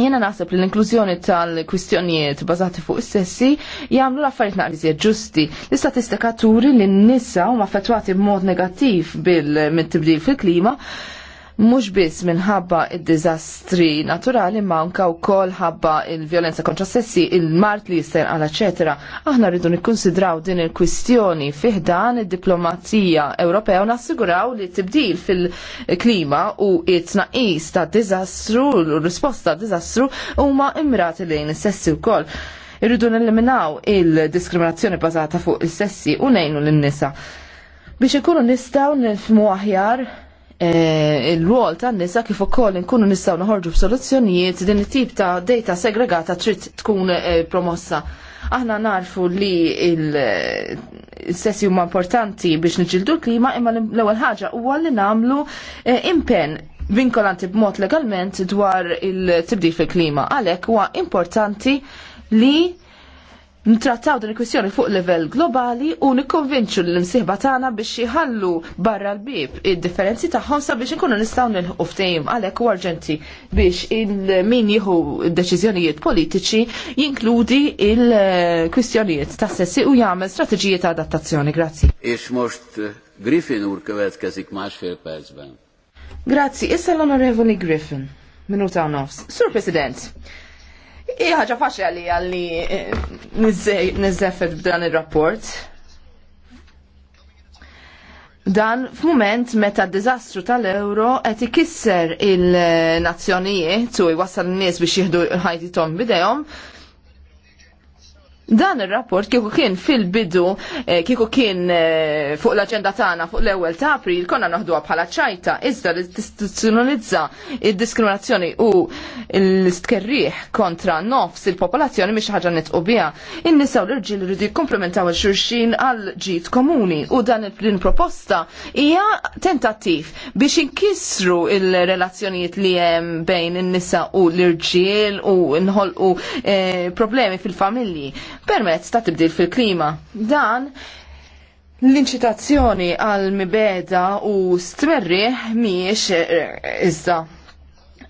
Speaker 3: Jena naħseb li l-inklużjoni tal-kwistjonijiet bazati fuq is-sessi jagħmlu l-affarijiet naqliżiet ġusti. L-istatistika turi li n-nisa huma affettwati b'mod negattiv bil-tibdil fil-klima mhux biss minħabba id-diżastri naturali ma anka wkoll ħabba il-vjolenza kontra sessi, il-mart li jistenqala eċetera. Aħna rridu nikkonsidraw din il-kwistjoni fih dan id-diplomazija Ewropea u nassiguraw li tibdil fil-klima u it-tnaqis ta' diżastru u risposta ta' diżastru huma imrati lejn is-sessi wkoll irridu neliminaw il-diskriminazzjoni bazata fuq is sessi u nejnu l-nisa. Biex ikunu nistaw nifmu aħjar Eh, il-rol tan nisa kif ukoll inkunu nistgħu noħorġu b'soluzzjonijiet din it-tip ta' data segregata trid tkun eh, promossa. Aħna narfu li il-sessi eh, huma importanti biex niġildu l-klima imma l-ewwel ħaġa huwa li nagħmlu impenn vinkolanti b'mod legalment dwar il-tibdil fil-klima. Għalhekk huwa importanti li ntrattaw din il-kwistjoni fuq livell globali u nikkonvinċu l-imsieħba tagħna biex jħallu barra l-bib id-differenzi tagħhom sabiex inkunu nistgħu nilħu ftehim għalhekk u arġenti biex il-min jieħu deċiżjonijiet politiċi jinkludi il-kwistjonijiet ta' sessi u jagħmel strateġiji ta' adattazzjoni. Grazzi.
Speaker 1: Ix most eh, Griffin ur kvetkazik max fil
Speaker 3: Grazzi, issa l-Onorevoli Griffin. Minuta nofs. Sur President, ħaġa faċli għalli għalli eh, nizzefet b'dan il-rapport. Dan f'mument meta d-dizastru tal-euro qed ikisser il-nazzjonijiet u jwassal n-nies biex jieħdu ħajti tom bidejhom, Dan il-rapport kieku kien fil-bidu, eh, kieku kien eh, fuq l-agenda tagħna fuq l-ewwel ta' April konna naħduha bħala ċajta iżda li tistituzzjonalizza id-diskriminazzjoni u l-istkerriħ kontra nofs il-popolazzjoni mhix ħaġa nitqu biha. In-nisa u l-irġiel iridu jikkomplementaw il-xulxin għal ġid komuni u dan il-proposta hija tentattiv biex inkisru il-relazzjonijiet li hemm bejn in-nisa u l-irġiel u nħolqu eh, problemi fil-familji permezz ta' tibdil fil-klima. Dan l-inċitazzjoni għal mibeda u Stmerri miex eh, eh, iżda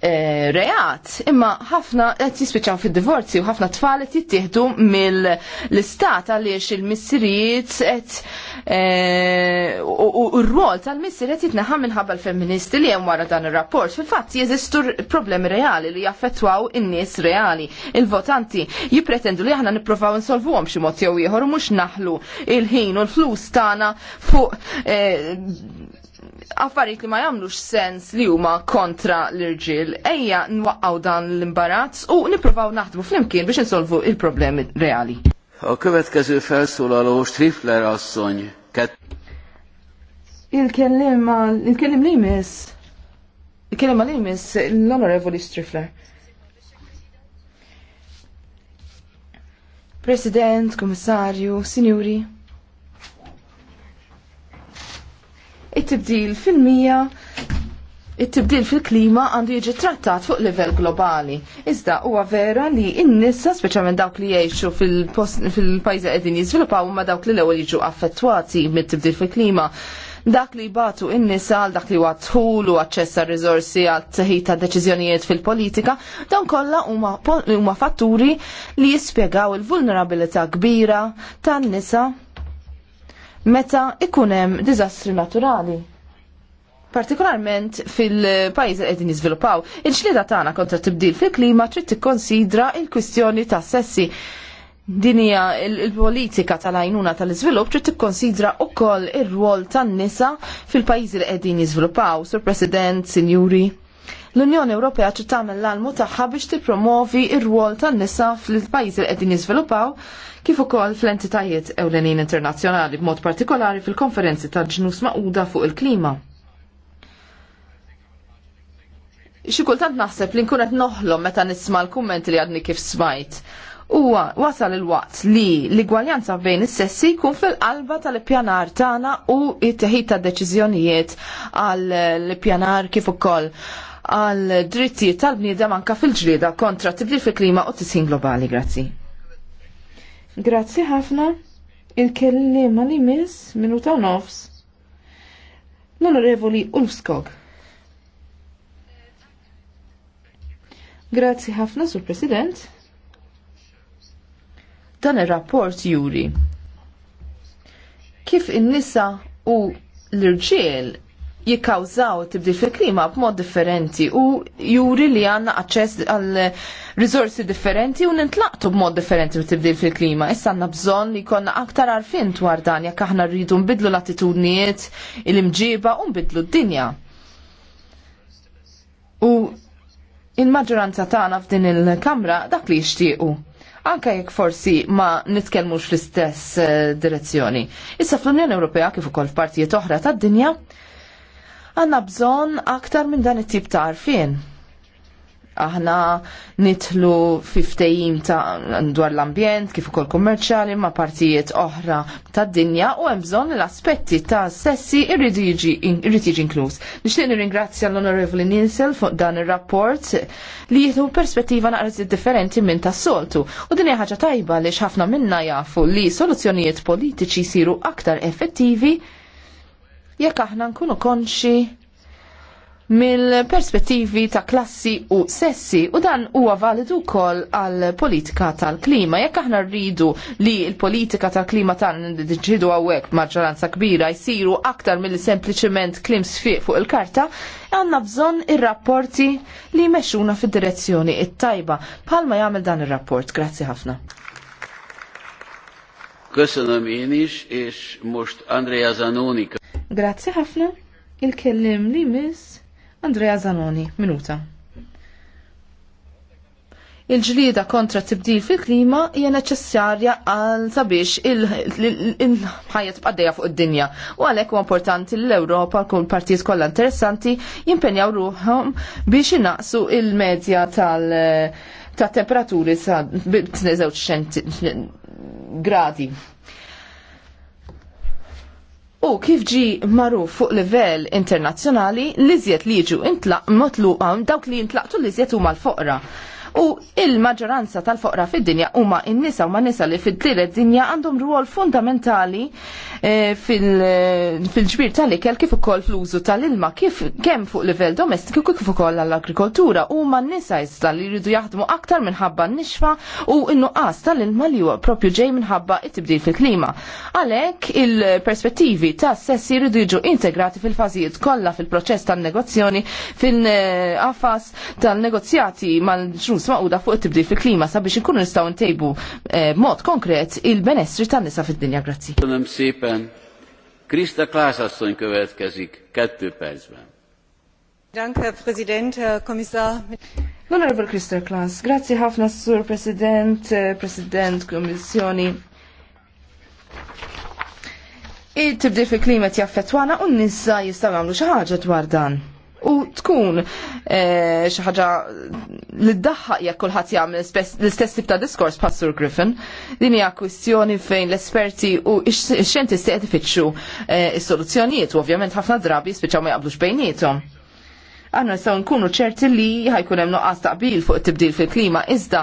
Speaker 3: Eh, reat, imma ħafna qed jispiċċaw fid-divorzju, ħafna tfalet jittieħdu mill-istat għaliex il-missirijiet qed eh, u r-rwol tal-missir qed minħabba l-feministi li hemm wara dan ir-rapport. Fil-fatt jeżistu problemi reali li jaffettwaw in-nies reali. Il-votanti jippretendu li aħna nippruvaw insolvuhom xi mod jew ieħor u mhux naħlu il-ħin u l-flus tagħna fuq eh, affarijiet li ma jagħmlux sens li huma kontra l-irġiel. Ejja nwaqqgħu dan l-imbarazz u nippruvaw naħdmu flimkien biex insolvu il-problemi reali.
Speaker 1: la lux felszólaló Strifler asszony.
Speaker 3: Il-kellim il-kellim li jmiss. Il-kellim li jmiss l-Onorevoli Strifler. President, Komissarju, Sinjuri. it-tibdil fil-mija it-tibdil fil-klima għandu jiġi trattat fuq livell globali. Iżda huwa vera li n-nissa, speċjalment dawk li jgħixu fil pajza qegħdin jiżviluppaw huma dawk li l-ewwel jiġu affettwati mit-tibdil fil-klima. Dak li batu in-nisa għal dak li huwa tħul u aċċess rizorsi riżorsi għal teħid ta' deċiżjonijiet fil-politika, dawn kollha huma fatturi li jispjegaw il-vulnerabilità kbira tan-nisa meta ikun hemm diżastri naturali. Partikolarment fil pajiz li qegħdin jiżviluppaw, il-ġlieda tagħna kontra tibdil fil-klima trid tikkonsidra il-kwistjoni ta' sessi. Din hija il-politika tal-għajnuna tal-iżvilupp trid tikkonsidra wkoll ir-rwol tan-nisa fil-pajjiżi li qegħdin jiżviluppaw, Sur President, Sinjuri. L-Unjoni Ewropea ċi tagħmel l-almu tagħha biex tippromovi r-rwol tan-nisa fil-pajjiżi li qegħdin jiżviluppaw kif ukoll fl-entitajiet ewlenin internazzjonali b'mod partikolari fil-konferenzi tal-ġnus maquda fuq il-klima. Xi kultant naħseb li nkun qed noħlom meta nisma' l-kummenti li għadni kif smajt huwa wasal il-waqt li l-igwaljanza bejn is-sessi jkun fil-qalba tal-ippjanar tagħna u t-teħid ta' deċiżjonijiet għall ippjanar kif ukoll għal drittijiet tal-bniedem anka fil-ġlieda kontra tibdil fil-klima u tisħin globali. Grazzi. Grazzi ħafna. Il-kellima li miss minuta nofs. L-onorevoli Ulfskog. Grazzi ħafna sur President. Dan ir-rapport juri kif in-nisa u l-irġiel jikkawżaw tibdil fil-klima b'mod differenti u juri li għanna aċċess għal risorsi differenti u nintlaqtu b'mod differenti tibdi fil-klima. Issa għanna bżon li konna aktar arfin dwar dan jekk aħna rridu nbidlu l-attitudnijiet, il-imġiba u nbidlu d-dinja. U il-maġġoranza tagħna f'din il-kamra dak li jixtiequ anka jekk forsi ma nitkellmux fl-istess eh, direzzjoni. Issa fl-Unjoni Ewropea kif ukoll f'partijiet oħra tad-dinja għanna bżon aktar minn dan it-tip ta' arfien. Aħna nitlu fiftejim ta' dwar l-ambjent kif ukoll kummerċjali ma' partijiet oħra tad dinja u hemm bżonn l-aspetti ta' sessi irrid jiġi inkluż. Nixtieq nirringrazzja l-Onorevoli Nielsen fuq dan ir-rapport li jieħdu perspettiva naqra differenti minn tas-soltu u din hija ħaġa tajba li ħafna minna jafu li soluzzjonijiet politiċi jsiru aktar effettivi jekk aħna nkunu konxi mill-perspettivi ta' klassi u sessi u dan huwa validu wkoll għal politika tal-klima. Jekk aħna rridu li l-politika tal-klima tan ġidu hawnhekk maġġoranza kbira jsiru aktar mill sempliċement klim sfiq fuq il-karta, għandna bżonn ir-rapporti li jmexxuna fid-direzzjoni it-tajba. Palma jagħmel dan ir-rapport. Grazzi ħafna.
Speaker 1: Köszönöm én is, és most Andrea Zanoni.
Speaker 3: Grazzi ħafna. Il-kellim li miss Andrea Zanoni, minuta. Il-ġlida kontra tibdil fil-klima hija neċessarja għal sabiex il-ħajja tbqaddejja fuq id-dinja. U għalhekk huwa importanti l-Ewropa kull partijiet kollha interessanti jimpenjaw ruħhom biex inaqsu il-medja tal- ta' temperaturi sa' b'żewġ gradi. U kif ġi maruf fuq livell internazzjonali, li zjed li jiġu intlaq motluqa dawk li jintlaqtu li zjed huma l-foqra u il-maġġoranza tal-foqra fid-dinja huma n-nisa u ma nisa li fid-tliret dinja għandhom ruol fundamentali eh, fil-ġbir tal-ikel kif ukoll fl-użu tal-ilma kif kemm fuq livell domestiku kif ukoll għall-agrikoltura huma n-nisa iżda li jridu jaħdmu aktar minħabba n-nixfa u n nuqas tal-ilma li huwa propju ġej minħabba it-tibdil fil-klima. Għalhekk il-perspettivi ta' sessi jridu jiġu integrati fil-fażijiet kollha fil-proċess tan-negozjoni fil-qafas eh, tal-negozjati mal-ġnus ġnus maquda fuq tibdi tibdil fil-klima sabiex ikunu nistgħu ntejbu eh, mod konkret il-benessri tan-nisa fid-dinja. Grazzi.
Speaker 1: Köszönöm szépen. Krista Klaas asszony következik kettő percben.
Speaker 3: Dank, Herr Präsident, Herr Kommissar. L-Onorevole Krista Klaas, grazzi ħafna Sur President, eh, President Kommissjoni. Il-tibdil fil-klima tjaffetwana un-nisa jistaw għamlu xaħġa dwar dan u tkun eh, xi ħaġa li ddaħħaq jekk kulħadd jagħmel l-istess tip ta' diskors pa' Sur Griffin. Din hija kwistjoni fejn l-esperti u x-xjentisti qed ifittxu eh, s soluzzjonijiet u ovvjament ħafna drabi spiċċaw ma jaqblux bejniethom għanna saw nkunu ċerti li ħajkun hemm noqqas taqbil fuq tibdil fil-klima, iżda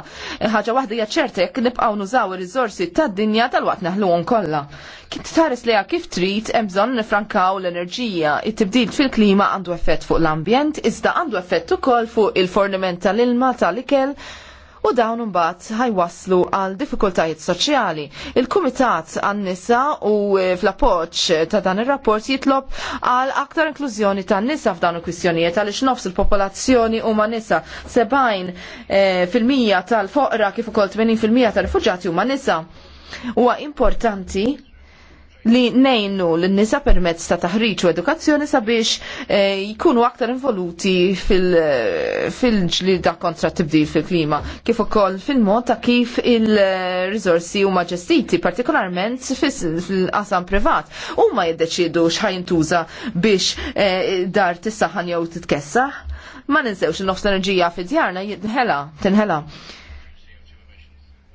Speaker 3: ħaġa waħda hija ċerta jekk nibqgħu nużaw ir-riżorsi tad-dinja tal-waqt naħluhom kollha. Kif tħares leha kif trid hemm bżonn nifrankaw l-enerġija. It-tibdil fil-klima għandu effett fuq l-ambjent, iżda għandu effett ukoll fuq il-forniment tal-ilma tal-ikel, u dawn imbagħad ħajwaslu għal diffikultajiet soċjali. Il-Kumitat għan-nisa u eh, fl-appoġġ ta' dan ir-rapport jitlob għal aktar inklużjoni tan-nisa f'dan il-kwistjonijiet għaliex nofs il-popolazzjoni huma nisa 70% eh, tal-foqra kif ukoll 80% tal-rifuġati huma nisa. Huwa importanti li nejnu l-nisa permezz ta' taħriġ u edukazzjoni sabiex jikunu eh, jkunu aktar involuti eh, fil-ġlida fil kontra tibdil fil-klima, kif ukoll fil-mod ta' kif il-rizorsi huma ġestiti, partikolarment fil-qasam privat. Huma jiddeċidu x'ħajn tuża biex eh, dar tissaħan jew titkessa. Ma ninsewx in-nofs enerġija fid-djarna jidħela, tinħela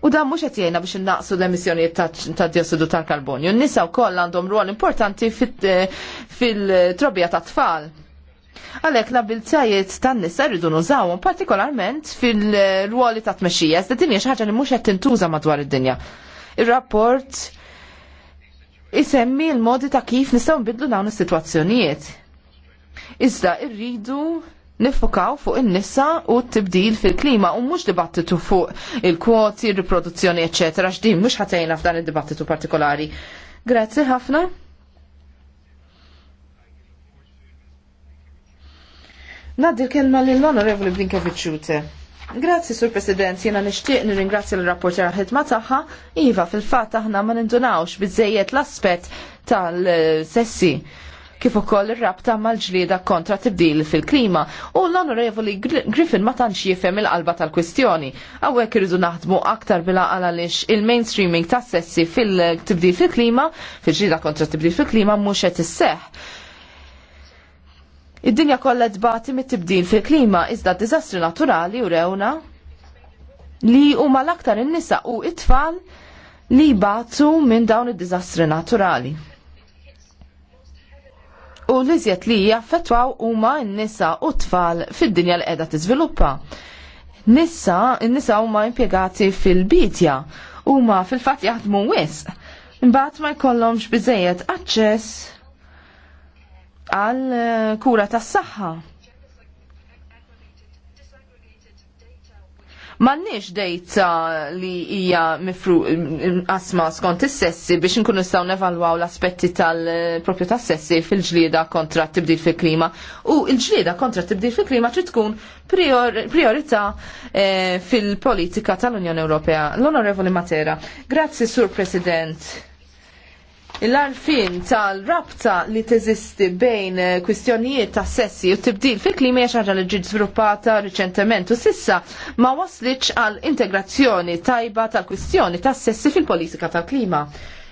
Speaker 3: U dan mhux qed jgħinna biex innaqsu l-emissjonijiet ta' diossidu tal-karbonju. N-nisa wkoll għandhom rol importanti eh, fil-trobija tat tfal. Għalhekk l-abiltajiet tan-nisa rridu nużawhom partikolarment fil-ruoli ta' tmexxija, iżda din hija xi ħaġa li mhux qed tintuża madwar id-dinja. Ir-rapport isemmi l-modi ta' kif nistgħu nbidlu dawn is-sitwazzjonijiet. Iżda rridu nifokaw fuq in-nisa u t-tibdil fil-klima u mhux dibattitu fuq il-kwoti, il-riproduzzjoni, eċetera, x'din mhux ħatajna f'dan il dibattitu partikolari. Grazzi ħafna. Naddi l-kelma lill-Onorevoli Vicciute. Grazzi, Sur President, jena nishtiq nir-ingrazzja l-rapporter ħitma taħħa, Iva, fil-fat aħna ma nindunawx bizzejiet l-aspet tal-sessi kif ukoll ir-rabta mal-ġlieda kontra tibdil fil-klima u l-Onorevoli Griffin ma tantx jifhem il-qalba tal-kwistjoni. Hawnhekk irridu naħdmu aktar bila għaliex il-mainstreaming tas-sessi fil-tibdil fil-klima, fil-ġlieda kontra tibdil fil-klima mhux qed isseħħ. Id-dinja kollha tbati mit-tibdil fil-klima iżda diżastri naturali u rewna li huma l-aktar in-nisa u it-tfal li batu minn dawn id-diżastri naturali u l zjed li jaffetwaw huma n-nisa u t-tfal fid-dinja li qiegħda tiżviluppa. Nissa, n-nisa huma impjegati fil-bidja, huma fil-fatt jaħdmu wisq. Imbagħad ma jkollhomx biżejjed aċċess għal eh, kura tas-saħħa. Mannix dejta li hija mifru asma skont is-sessi biex inkunu nistgħu nevalwaw l-aspetti tal-propju tas-sessi fil-ġlieda kontra tibdil fil-klima. U l-ġlieda kontra tibdil fil-klima trid tkun priorità eh, fil-politika tal-Unjoni Ewropea. L-Onorevoli Matera. Grazzi, Sur President l-arfin tal-rabta li teżisti bejn eh, kwistjonijiet ta' sessi u tibdil fil-klima hija xaġa li ġiet żviluppata riċentement u sissa ma waslitx għal integrazzjoni tajba tal-kwistjoni ta' sessi fil-politika tal-klima.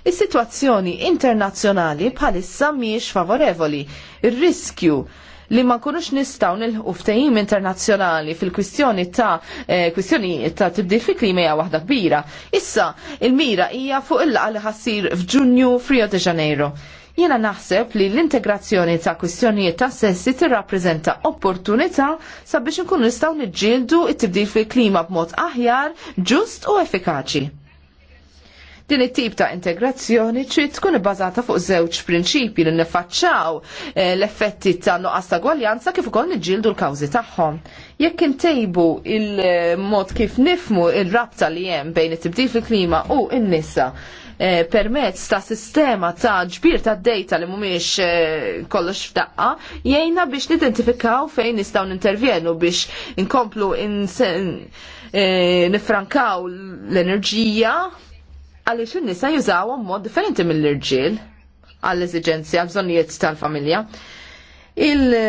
Speaker 3: Is-sitwazzjoni internazzjonali bħalissa mhijiex favorevoli. Ir-riskju li ma nkunux nistaw nilħu ftehim internazzjonali fil-kwistjoni ta' eh, kwistjoni ta' tibdil fil-klima hija waħda kbira. Issa il-mira hija fuq il li ħassir f'Ġunju f'Rio de Janeiro. Jiena naħseb li l-integrazzjoni ta' kwistjonijiet ta' sessi tirrappreżenta opportunità sabiex nkunu nistgħu niġġieldu t tibdil fil-klima b'mod aħjar, ġust u effikaċi. Din it-tip ta' integrazzjoni trid tkun ibbażata fuq żewġ prinċipji li nifaċċaw eh, l-effetti ta' nuqqas ta' gwaljanza kif ukoll niġġieldu l-kawżi tagħhom. Jekk intejbu il-mod kif nifmu il-rabta li hemm bejn it-tibdil fil-klima u n-nisa eh, permezz ta' sistema ta' ġbir ta' data li mumiex eh, kollox f'daqqa, jgħina biex nidentifikaw fejn nistaw nintervjenu biex inkomplu in, nifrankaw l-enerġija għaliex in-nisa jużawhom mod differenti mill-irġiel għall-eżiġenzi għal bżonnijiet tal-familja. l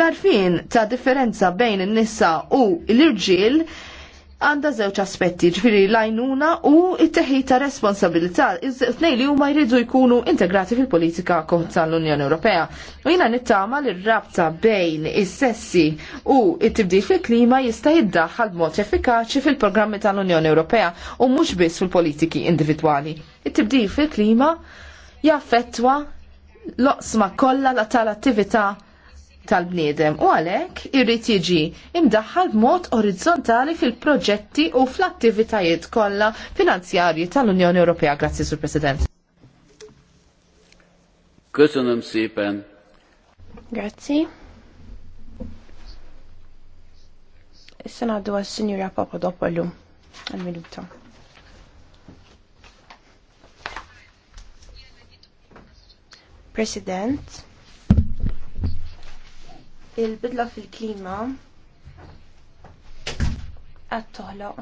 Speaker 3: larfin ta' differenza bejn in-nisa u l-irġiel għanda żewġ aspetti, ġifiri lajnuna u it-teħid ta' responsabilità. Iż-żewġnej li huma jridu jkunu integrati fil-politika tal-Unjoni Ewropea. U jina nittama li rabta bejn is-sessi u it-tibdil fil-klima jista' jiddaħħal b'mod effikaċi fil-programmi tal-Unjoni Ewropea u mhux biss fil-politiki individwali. It-tibdil fil-klima jaffettwa loqsma kollha tal-attività tal-bniedem u għalhekk irrid jiġi imdaħħal b'mod orizzontali fil-proġetti u fl-attivitajiet kollha finanzjarji tal-Unjoni Ewropea. Grazzi, Sur President.
Speaker 1: Köszönöm szépen.
Speaker 3: Grazzi.
Speaker 4: Issa ngħaddu għas-Sinjura Papadopoulou għal-minuta. President, il-bidla fil-klima qed toħloq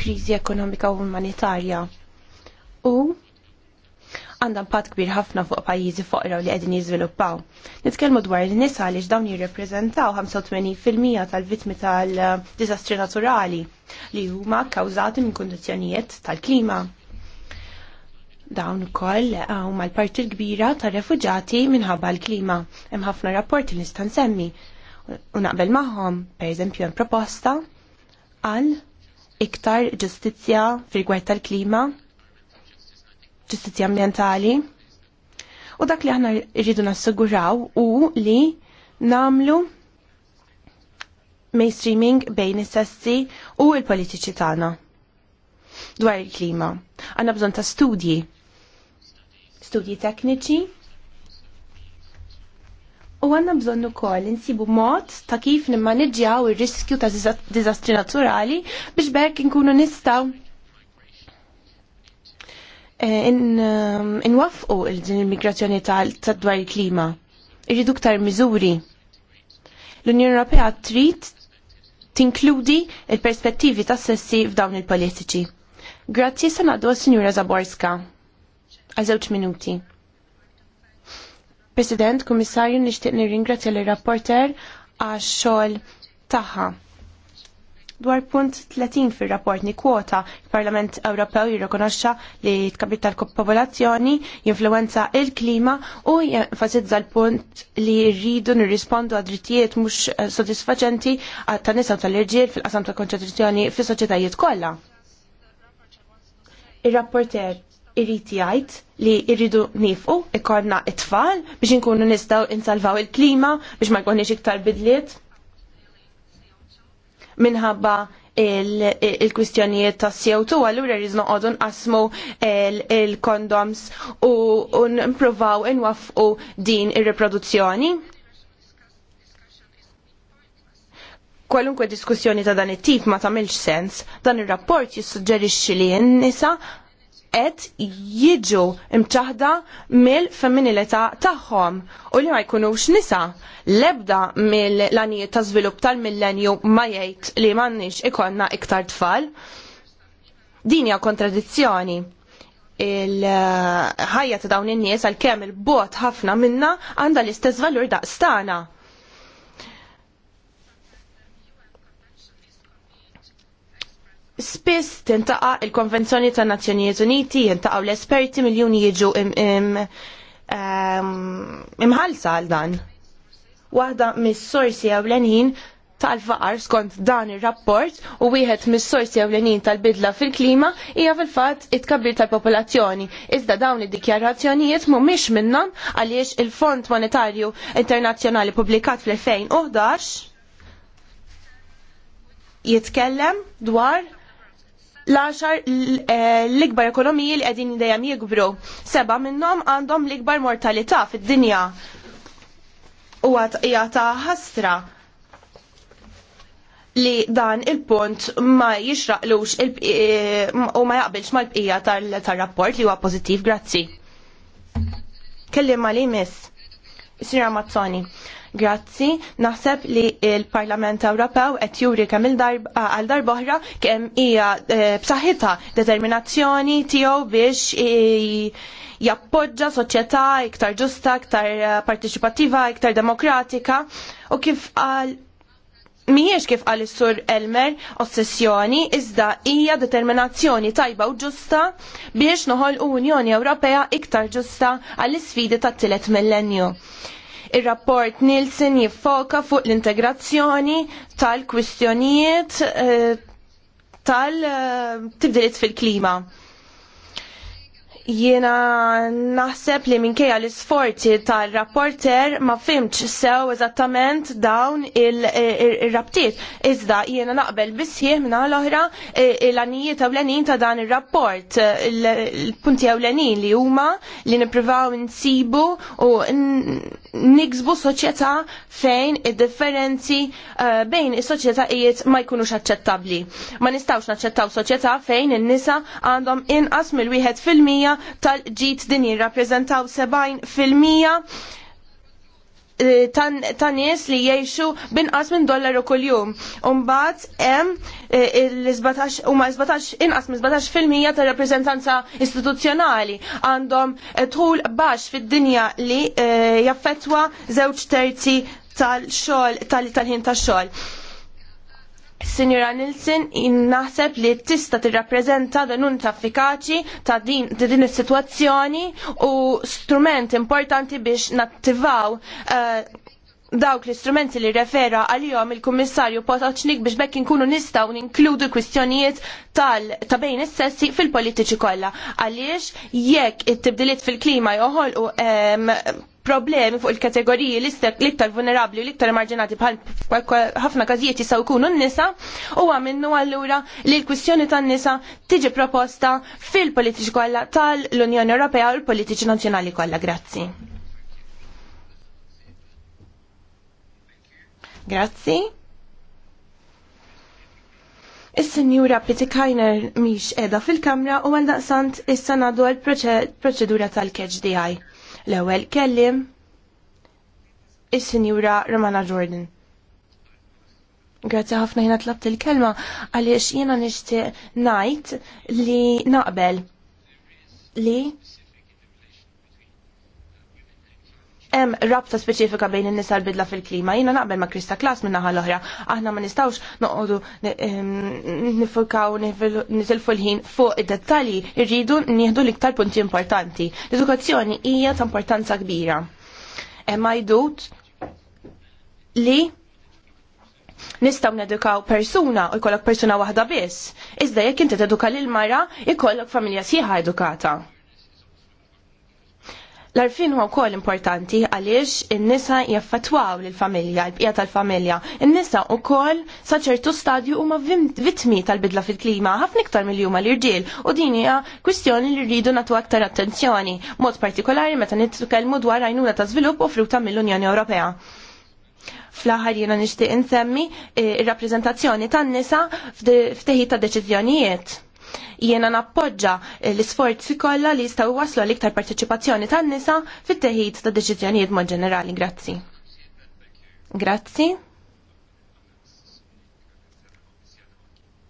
Speaker 4: kriżi ekonomika u umanitarja u għandha pat kbir ħafna fuq pajjiżi foqra li qegħdin jiżviluppaw. Nitkellmu dwar in nisa għaliex dawn jirrappreżentaw 85% tal-vittmi tal-diżastri naturali li huma kkawżati minn kundizzjonijiet tal-klima. Dawn ukoll eh, huma l-parti l-kbira tar-refuġati minħabba l-klima. Hemm ħafna rapporti li nista' nsemmi. U naqbel magħhom, pereżempju hemm proposta għal iktar ġustizzja fil tal-klima, ġustizzja ambjentali. U dak li aħna rridu nassiguraw u li namlu mainstreaming bejn is-sessi u l-politiċi tagħna dwar il-klima. Għanna bżon ta' studji studji tekniċi. U għanna bżonnu kol insibu mod ta' kif nimmaneġġjaw ir-riskju ta' dizastri naturali biex berk nkunu nistaw eh, um, inwaffqu il-din il-migrazzjoni ta' dwar il-klima. Irridu ktar miżuri. L-Unjoni Ewropea trid tinkludi il-perspettivi ta' sessi f'dawn il-politiċi. Grazzi sanadu għas-Sinjura Zaborska għal minuti. President, Kummissarju, nixtieq nirringrazzja l-rapporter għax xogħol tagħha. Dwar punt 30 fil-rapport ni kwota, il-Parlament Ewropew jirrikonoxxa li tkabbir tal-popolazzjoni jinfluenza il-klima u jenfasizza l-punt li rridu nirrispondu għad drittijiet mhux sodisfaċenti ta' nisa u tal-irġiel fil-qasam tal-konċentrazzjoni fis-soċjetajiet kollha. Ir-rapporter irrit jgħid li irridu nifqu ikorna it-tfal biex inkunu nistgħu insalvaw il-klima biex ma jkunniex iktar bidliet minħabba il-kwistjonijiet il ta' CO2 għallura rizno għodun qasmu il-kondoms il u nprovaw inwafqu din ir-reproduzzjoni. Kwalunkwe diskussjoni ta' dan it-tip ma tagħmilx sens, dan ir-rapport jissuġġerixxi li n-nisa qed jiġu imċaħda mill femminilita tagħhom u li ma jkunux nisa lebda mill-lanijiet ta' żvilupp tal-millenju ma jgħid li m'għandniex ikonna iktar tfal. Din hija kontradizzjoni il-ħajja ta' dawn in-nies għalkemm il-bot ħafna minna għandha l-istess valur daqstana. Spiss tintaqa il-Konvenzjoni ta' Nazzjonijiet Uniti, jintaqgħu l-esperti miljuni jiġu imħalsa għal dan. Waħda mis-sorsi ewlenin tal-faqar skont dan ir-rapport u wieħed mis-sorsi ewlenin tal-bidla fil-klima hija fil-fatt it tkabbir tal-popolazzjoni. Iżda dawn id-dikjarazzjonijiet mhumiex minnhom għaliex il-Fond Monetarju Internazzjonali pubblikat fl-2011 jitkellem dwar l axar eh, l-ikbar ekonomiji li qegħdin dejjem jikbru. Seba minnhom għandhom l-ikbar mortalità fid-dinja. U hija ta' ħasra li dan il-punt ma jixraqlux eh, u ma jaqbilx mal-bqija tal-rapport li huwa pożittiv, grazzi. Kellim ma li miss. Sinjora Mazzoni, Grazzi, naħseb li il-Parlament Ewropew qed juri kemm għal darba oħra kemm hija e, b'saħħitha determinazzjoni tiegħu biex jappoġġa soċjetà iktar ġusta, iktar e, partiċipattiva, iktar demokratika u kif għal Mijiex kif għal sur Elmer ossessjoni, iżda hija determinazzjoni tajba u ġusta biex noħol Unjoni Ewropea iktar ġusta għall-isfidi tat-tielet millennju. Ir-rapport Nielsen jiffoka fuq l-integrazzjoni tal-kwistjonijiet eh, tal-tibdiliet fil-klima. Jiena naħseb li minkejja l-isforzi tal-rapporter ma fimx sew eżattament dawn il-rabtiet. Iżda jiena naqbel bisħieħ minna l-oħra eh, l-anijiet ewlenin ta' dan il-rapport. Il-punti ewlenin li huma li nippruvaw nsibu u niksbu soċjetà fejn id-differenzi uh, bejn is-soċjetajiet ma jkunux aċċettabbli. Ma nistgħux naċċettaw soċjetà fejn in-nisa għandhom inqas mill wieħed fil-mija tal-ġid din jirrappreżentaw 70 fil-mija Eh, ta' nies li jgħixu binqas minn dollaru kuljum. Umbagħad hemm eh, il-17 huma 17 inqas minn 17 fil-mija ta' rappreżentanza istituzzjonali għandhom eh, tħul baxx fid-dinja li jaffettwa żewġ terzi tal xol tal-ħin tax-xogħol. Signora Nilsen, naħseb li tista tirrappreżenta danun effikaċi ta' din, ta din is-sitwazzjoni u strument importanti biex nattivaw uh, dawk l-istrumenti li refera għalihom il-Kummissarju Potoċnik biex bekk inkunu nistgħu ninkludu kwistjonijiet tal ta' bejn is-sessi fil-politiċi kollha. Għaliex jekk it-tibdiliet fil-klima joħolqu problemi fuq il-kategoriji l-iktar vulnerabli u l-iktar marġinati bħal ħafna każijiet jistgħu jkunu n-nisa u minnu allura li l-kwistjoni tan-nisa tiġi proposta fil-politiċi kollha tal-Unjoni Ewropea u l-politiċi nazzjonali kollha. Grazzi. Grazzi. Is-Sinjura Pitikajner miex edha fil-kamra u għal daqsant issa nadu għal proċedura tal-KHDI. L-ewwel kellim is-Sinjura Romana Jordan. Grazzi ħafna jiena tlabt il-kelma għaliex jiena nixtieq ngħid li naqbel li hemm rabta speċifika bejn in-nisa l-bidla fil-klima. Jiena naqbel ma' Krista Klas minn naħa l-oħra. Aħna ma nistgħux noqogħdu eh, nifukaw nitilfu l-ħin fuq id-dettalji, irridu nieħdu l-iktar punti importanti. L-edukazzjoni hija ta' importanza kbira. Hemm jdut li nistaw nedukaw persuna u jkollok persuna waħda biss. Iżda jekk inti teduka lil mara, jkollok familja sieħa edukata. L-arfin huwa wkoll importanti għaliex in-nisa jaffatwaw lill-familja, l-bqija tal-familja. In-nisa wkoll sa ċertu stadju huma vittmi tal-bidla fil-klima ħafna iktar mill-jum l-irġiel u din hija kwistjoni li rridu nagħtu aktar attenzjoni, mod partikolari meta nitkellmu dwar għajnuna ta' żvilupp u fruta mill-Unjoni Ewropea. Fl-aħħar jiena nixtieq insemmi eh, ir-rappreżentazzjoni tan-nisa f'teħid ta' deċiżjonijiet Jiena nappoġġa eh, l-isforzi kollha li jistgħu waslu għal iktar parteċipazzjoni tan-nisa fit-teħid ta' deċiżjonijiet mod ġenerali. Grazzi. Grazzi.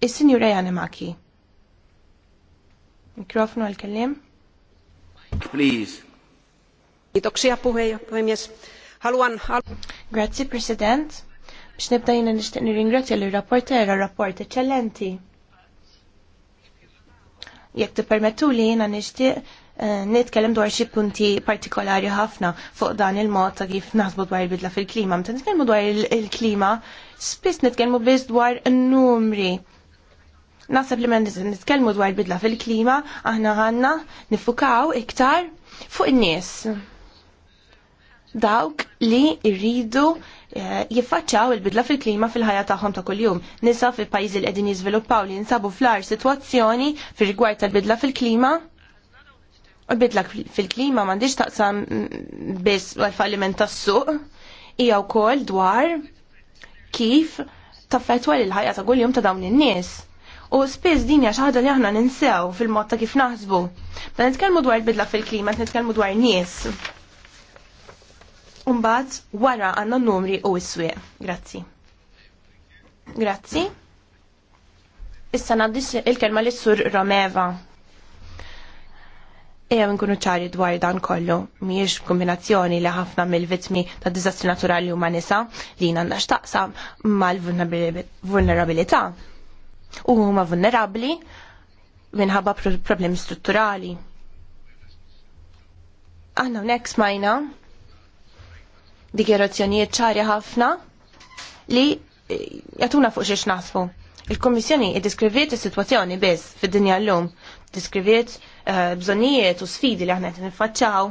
Speaker 4: Is-Sinjura Janemaki. Mikrofonu għal-kellim. Please. Grazie President. Biex nibda jina nishtiq nirringrazzja l rapportera rapport eccellenti jekk tippermettu li jiena nixtieq eh, nitkellem dwar xi punti partikolari ħafna fuq dan il-mod ta' kif naħsbu dwar il-bidla fil-klima. Meta nitkellmu dwar il-klima, spiss nitkellmu biss dwar numri. Naħseb li meta nitkellmu dwar il-bidla fil-klima, aħna għandna nifukaw iktar fuq in-nies dawk li irridu eh, jiffaċċaw il-bidla fil-klima fil-ħajja tagħhom ta' kuljum. Nisa fil-pajjiżi li qegħdin jiżviluppaw li jinsabu fl-ar sitwazzjoni fir-rigward tal-bidla fil-klima. U l-bidla fil-klima m'għandix taqsam mm, biss għal-falliment tas-suq, hija wkoll dwar kif taffettwar il ħajja ta' kuljum ta' dawn in-nies. U spiss din hija xi ħaġa li aħna ninsew fil-mod ta' kif naħsbu. Ma nitkellmu dwar il-bidla fil-klima, nitkellmu dwar nies. Umbat, wara għanna numri u s-swieq. Grazzi. Grazzi. Issa naddis il-kelma li sur Romeva. Eja nkunu ċari dwar dan kollu, miex kombinazzjoni li ħafna mill-vitmi ta' dizastri naturali huma nisa li jina għandax taqsam mal-vulnerabilità. U huma vulnerabli minħabba problemi strutturali. un hawnhekk smajna dikjerazzjonijiet ċari ħafna li eh, jatuna fuq xiex nasfu. il id iddeskriviet is-sitwazzjoni biss fid-dinja l-lum. uh, bżonnijiet u sfidi li aħna qed niffaċċaw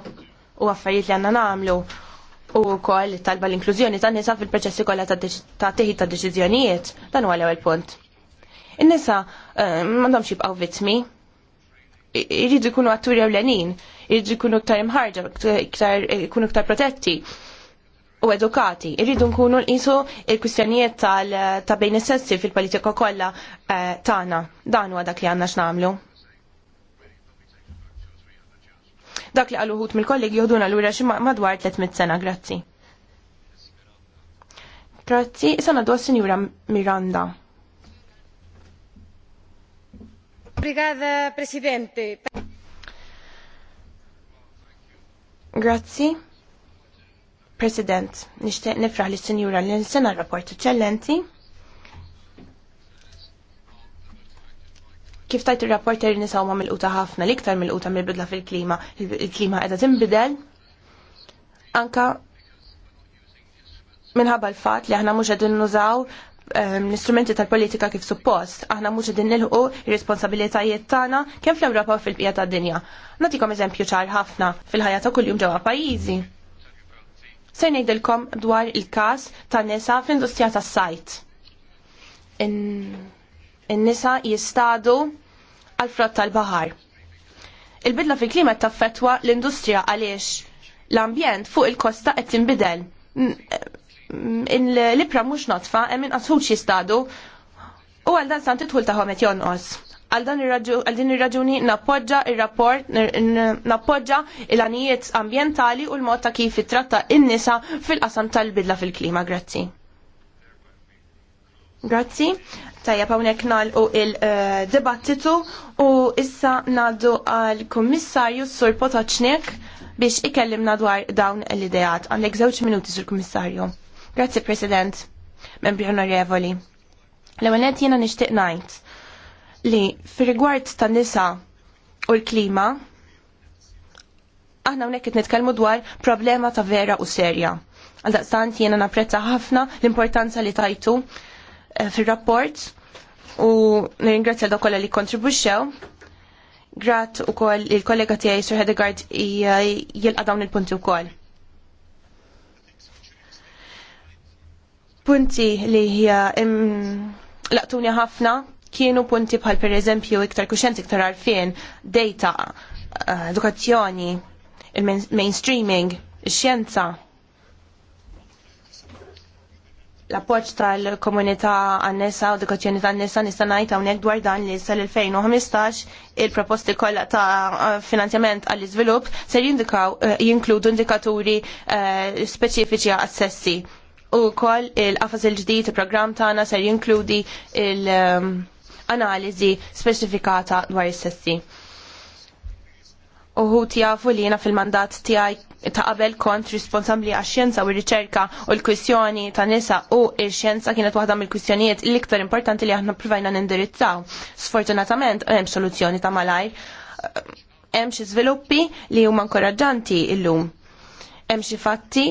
Speaker 4: u affarijiet li għandna nagħmlu u wkoll talba l-inklużjoni tan nisa fil-proċessi kollha ta' teħi ta' deċiżjonijiet dan huwa l-ewwel punt. In-nisa mandom eh, m'għandhomx jibqgħu vittmi jridu jkunu atturi ewlenin, jridu jkunu iktar imħarġa, iktar jkunu iktar protetti, u edukati. Irridu nkunu nqisu il-kwistjonijiet ta' bejn essensi fil-politika kollha eh, tagħna. Dan huwa dak li għandna x'namlu. Dak li qaluħut mill-kollegi l lura xi madwar 300 sena, grazzi. Grazzi, issa ngħaddu sinjura Miranda.
Speaker 3: Brigada Presidente.
Speaker 4: Grazzi. President, nishtiq nifraħ li sinjura li nsena rapport eċċellenti. Kif tajt il-rapport li nisaw ma mil-quta ħafna, ktar mil-quta mil-bidla fil-klima, il-klima edha timbidel. Anka minħabba l-fat li aħna mhux qegħdin nużaw ehm, l-istrumenti tal-politika kif suppost, aħna mhux qegħdin nilħu ir-responsabilitajiet tagħna kemm fl-Ewropa u fil-qija tad-dinja. Natikom eżempju ċar ħafna fil-ħajja ta' kuljum ġewwa pajjiżi Se ngħidilkom dwar il-każ ta' nisa fl-industrija tas-sajt. In-nisa jistadu għal frott tal-baħar. Il-bidla fil-klima taffetwa l-industrija għaliex l-ambjent fuq il-kosta qed tinbidel. il libra mhux notfa hemm inqas jistadu u għal dan san tidħul tagħhom qed jonqos għal din ir-raġuni nappoġġa ir-rapport nappoġġa il-għanijiet ambientali u l-mod ta' kif ittratta in-nisa fil-qasam tal-bidla fil-klima. Grazzi. Grazzi. Tajja hawnhekk nagħlqu il-dibattitu eh, u issa ngħaddu għal kummissarju Sur Potoċnik biex ikellimna dwar dawn l-ideat. Għandek żewġ minuti sur kummissarju. Grazzi President, membri onorevoli. L-ewwel jiena nixtieq ngħid li fir-rigward ta' nisa u l-klima, aħna hawnhekk qed nitkellmu dwar problema ta' vera u serja. Għaldaqstant jiena napprezza ħafna l-importanza li tajtu eh, fir-rapport u nirringrazzja dawk kolla li kontribwixxew. Grat ukoll il-kollega tiegħi Sir Hedegard jilqa' dawn il-punti wkoll. Punti li hija laqtuni ħafna kienu punti bħal per eżempju iktar kuxenti iktar għarfien, data, eh, edukazzjoni, il-mainstreaming, il-xjenza, l-appoċ tal-komunità għannessa u edukazzjoni tan-nisa nista' ngħid hawnhekk dwar dan li sal-2015 il-proposti kollha ta' finanzjament għall-iżvilupp ser jindikaw eh, jinkludu indikaturi eh, speċifiċi għas U koll il-qafas il-ġdid il-programm tagħna ser jinkludi il- ehm, analiżi speċifikata dwar is-sessi. Uħu jafu li jena fil-mandat tiegħi ta' qabel kont responsabbli għax-xjenza u r-riċerka u l-kwistjoni ta' nisa u x-xjenza kienet waħda mill-kwistjonijiet l-iktar importanti li aħna provajna nindirizzaw. Sfortunatament hemm soluzzjoni ta' malajr. Hemm xi żviluppi li huma inkoraġġanti illum. Hemm xi fatti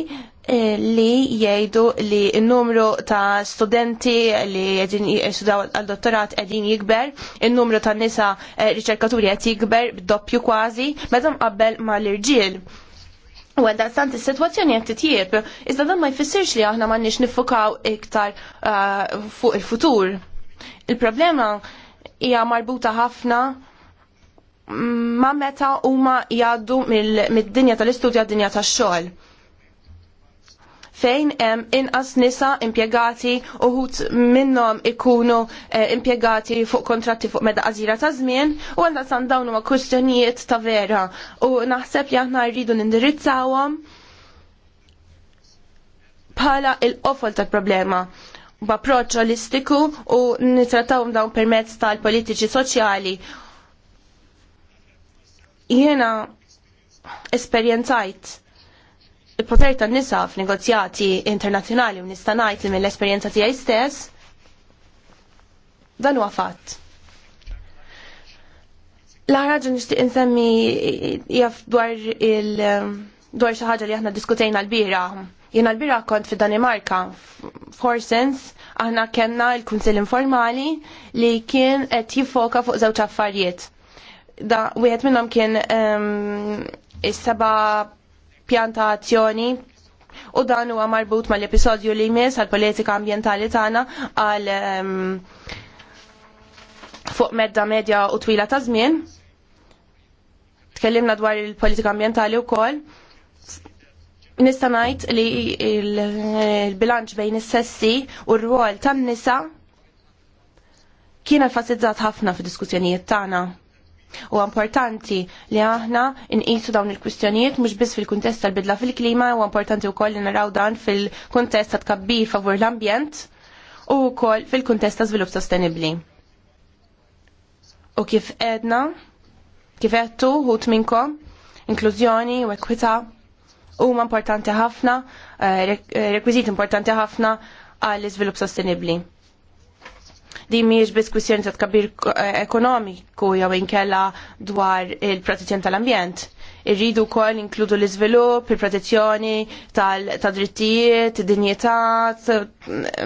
Speaker 4: Eh, li jgħidu li n-numru ta' studenti li għedin jistudaw eh, għal-dottorat għedin jikber, n-numru ta' nisa eh, riċerkaturi għed jikber doppju kważi, meta qabbel ma' l-irġiel. U għedda stant il-situazzjoni għed titjieb, iżda dan ma jfissirx li aħna ma nix nifukaw iktar fuq il-futur. Il-problema hija marbuta ħafna ma meta huma jgħaddu mid-dinja tal-istudja dinja tax-xogħol fejn hemm inqas nisa impjegati uħut minnhom ikunu eh, impjegati fuq kontratti fuq meda qasira ta' żmien u għandna san dawn huma kwistjonijiet ta' vera u naħseb li aħna rridu nindirizzawhom bħala il-qofol tal-problema b'approċċ holistiku u nitrattawhom dawn permezz tal-politiċi soċjali. Jiena esperjenzajt il-poter tan nisa f'negozjati internazzjonali u nista' ngħid li mill-esperjenza tiegħi stess dan huwa fatt. L-ħara ġun nixtieq insemmi jaf dwar il- dwar xi ħaġa li aħna diskutejna l-bira. Jiena l-bira kont fid danimarka f'Horsens aħna kellna l-kunsill informali li kien qed jiffoka fuq żewġ affarijiet. Da wieħed minnhom kien ehm, is-seba' pjanta azzjoni u dan huwa marbut mal-episodju li jmiss għal-politika ambjentali tagħna għal ehm, fuq medda medja u twila ta' żmien. Tkellimna dwar il-politika ambjentali wkoll. Nista' ngħid li l-bilanċ bejn is-sessi u r-rwol tan-nisa kien enfasizzat ħafna fid-diskussjonijiet tagħna. U importanti li aħna nqisu dawn il-kwistjonijiet mhux biss fil-kuntest tal-bidla fil-klima, u importanti wkoll li naraw dan fil-kuntest ta' tkabbir favur l-ambjent u wkoll fil-kuntest ta' żvilupp sostenibbli. U kif edna, kif qedtu ħut minnkom, inklużjoni u ekwità huma importanti ħafna, eh, eh, rekwiżiti importanti ħafna għall-iżvilupp sostenibbli di miex biss kwistjoni ta' tkabir eh, ekonomiku jew inkella dwar il-protezzjoni tal-ambjent. Irridu wkoll inkludu l-iżvilupp, il-protezzjoni tal-drittijiet, id-dinjità,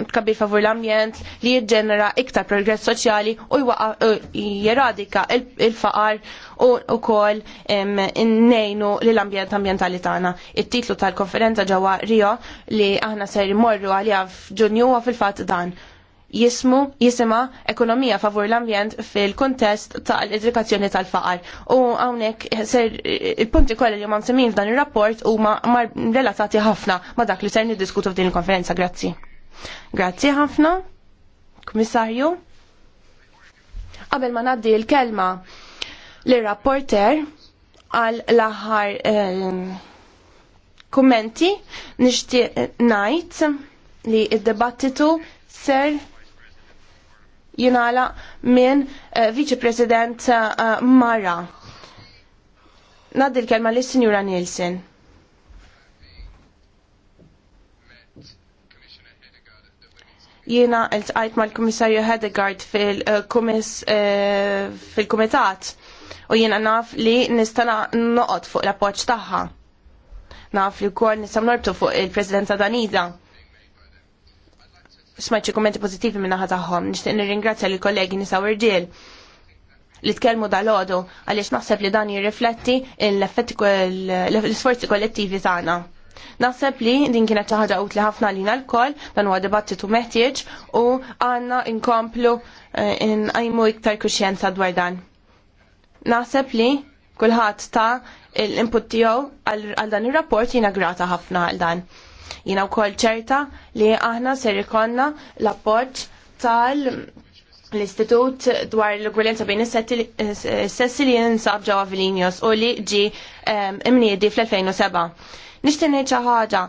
Speaker 4: tkabbir favur l-ambjent li jiġġenera iktar progress soċjali u jeradika il-faqar u wkoll innejnu lill ambjent ambjentali tagħna. It-titlu tal-konferenza ġewwa Rio li aħna ser imorru għalija f'Ġunju huwa fil-fatt dan jismu jisima ekonomija favur l-ambjent fil-kontest tal-edukazzjoni tal-faqar. U għawnek ser il-punti kolli li ma' msemmin f'dan il-rapport u ma' relatati ħafna ma' dak li ser niddiskutu f'din il-konferenza. Grazzi. Grazzi ħafna, komissarju. Qabel ma' naddi il-kelma l-rapporter għal l-aħħar ehm, kummenti nixtieq ngħid li d-debattitu ser jinala minn eh, Viċi President eh, Mara. Naddi kelma lis sinjura Nielsen. jiena il-tqajt mal-Kummissarju Hedegaard eh, fil-Kumitat u jiena naf li nistana noqot fuq l-appoċ taħħa. Naf li kol nistam norbtu fuq il-Presidenza Danida smajċi kommenti pozittivi minna tagħhom. Nishtiq nirringrazzja li kollegi nisaw irġiel li tkellmu dal-ħodu għaliex naħseb li dan jirrifletti l-sforzi kollettivi tagħna. Naħseb li din kienet xi ħaġa utli ħafna lina l-koll, dan huwa dibattitu meħtieġ u għandna inkomplu eh, nqajmu iktar kuxjenza dwar dan. Naħseb li kulħadd ta' l-input tiegħu għal dan ir-rapport jiena grata ħafna għal dan. Jina wkoll ċerta li aħna ser ikonna l-appoġġ tal l-Istitut dwar l-Gwaljenza bejn is-sessi li jinsab ġewwa Vilnius u li ġi ehm, imniedi fl-2007. Nixtieq ngħid xi ħaġa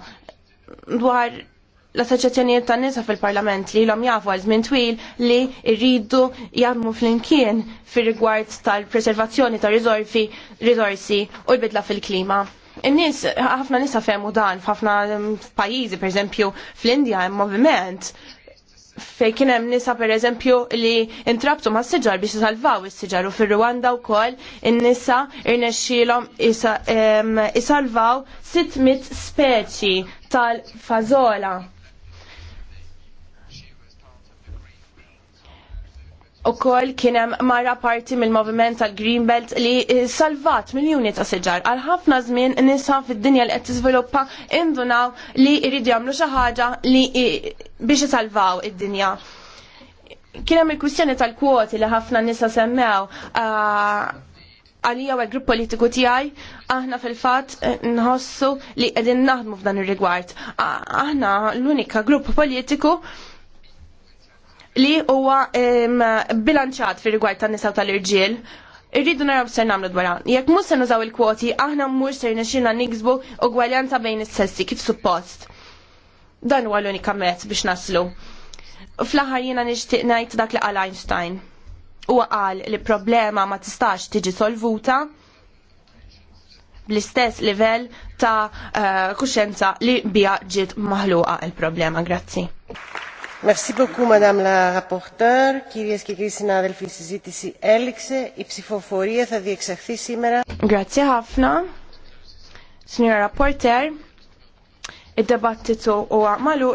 Speaker 4: dwar l-assoċjazzjonijiet tan nisa fil-Parlament li l-om jafu għal żmien twil li rridu jaħdmu fl inkien fir-rigward tal-preservazzjoni ta' risorsi u l-bidla fil-klima. In-nies ħafna nisa fehmu dan f'ħafna mm, per pereżempju fl-Indja hemm moviment fej kien hemm nisa pereżempju li intrabtu ma' siġar biex isalvaw is-siġar u fir-Rwanda wkoll in-nisa irnexxielhom isalvaw 600 speċi tal fazola u koll kienem mara parti mill-moviment tal-Green Belt li salvat miljoni ta' seġar. Għal ħafna żmien nisa fid-dinja li qed tiżviluppa indunaw li jridu jagħmlu xi ħaġa li biex isalvaw id-dinja. Kienem il-kwistjoni tal-kwoti li ħafna nisa semmew ah, għalija u għal-grupp politiku tijaj, aħna fil-fat eh, nħossu li għedin naħdmu f'dan il-rigward. Ah, aħna l-unika grupp politiku li huwa bilanċat fir rigward tan nisaw tal-irġiel irridu naraw ser namlu dwarha. Jekk mhux se nużaw il-kwoti, aħna mhux ser nexxina niksbu ugwaljanza bejn is-sessi kif suppost. Dan huwa l-unika mezz biex naslu. Fl-aħħar jiena nixtieq ngħid dak li qal Einstein. Huwa qal li problema ma tistax tiġi solvuta bl-istess livell ta' eh, kuxenza li bija ġiet maħluqa il-problema. Grazzi.
Speaker 2: Merci beaucoup, Madame la Rapporteur.
Speaker 4: Κυρίες και κύριοι συνάδελφοι, η συζήτηση έληξε. Η ψηφοφορία θα διεξαχθεί σήμερα. Grazie, Hafna. Signora Rapporteur, il dibattito huwa malu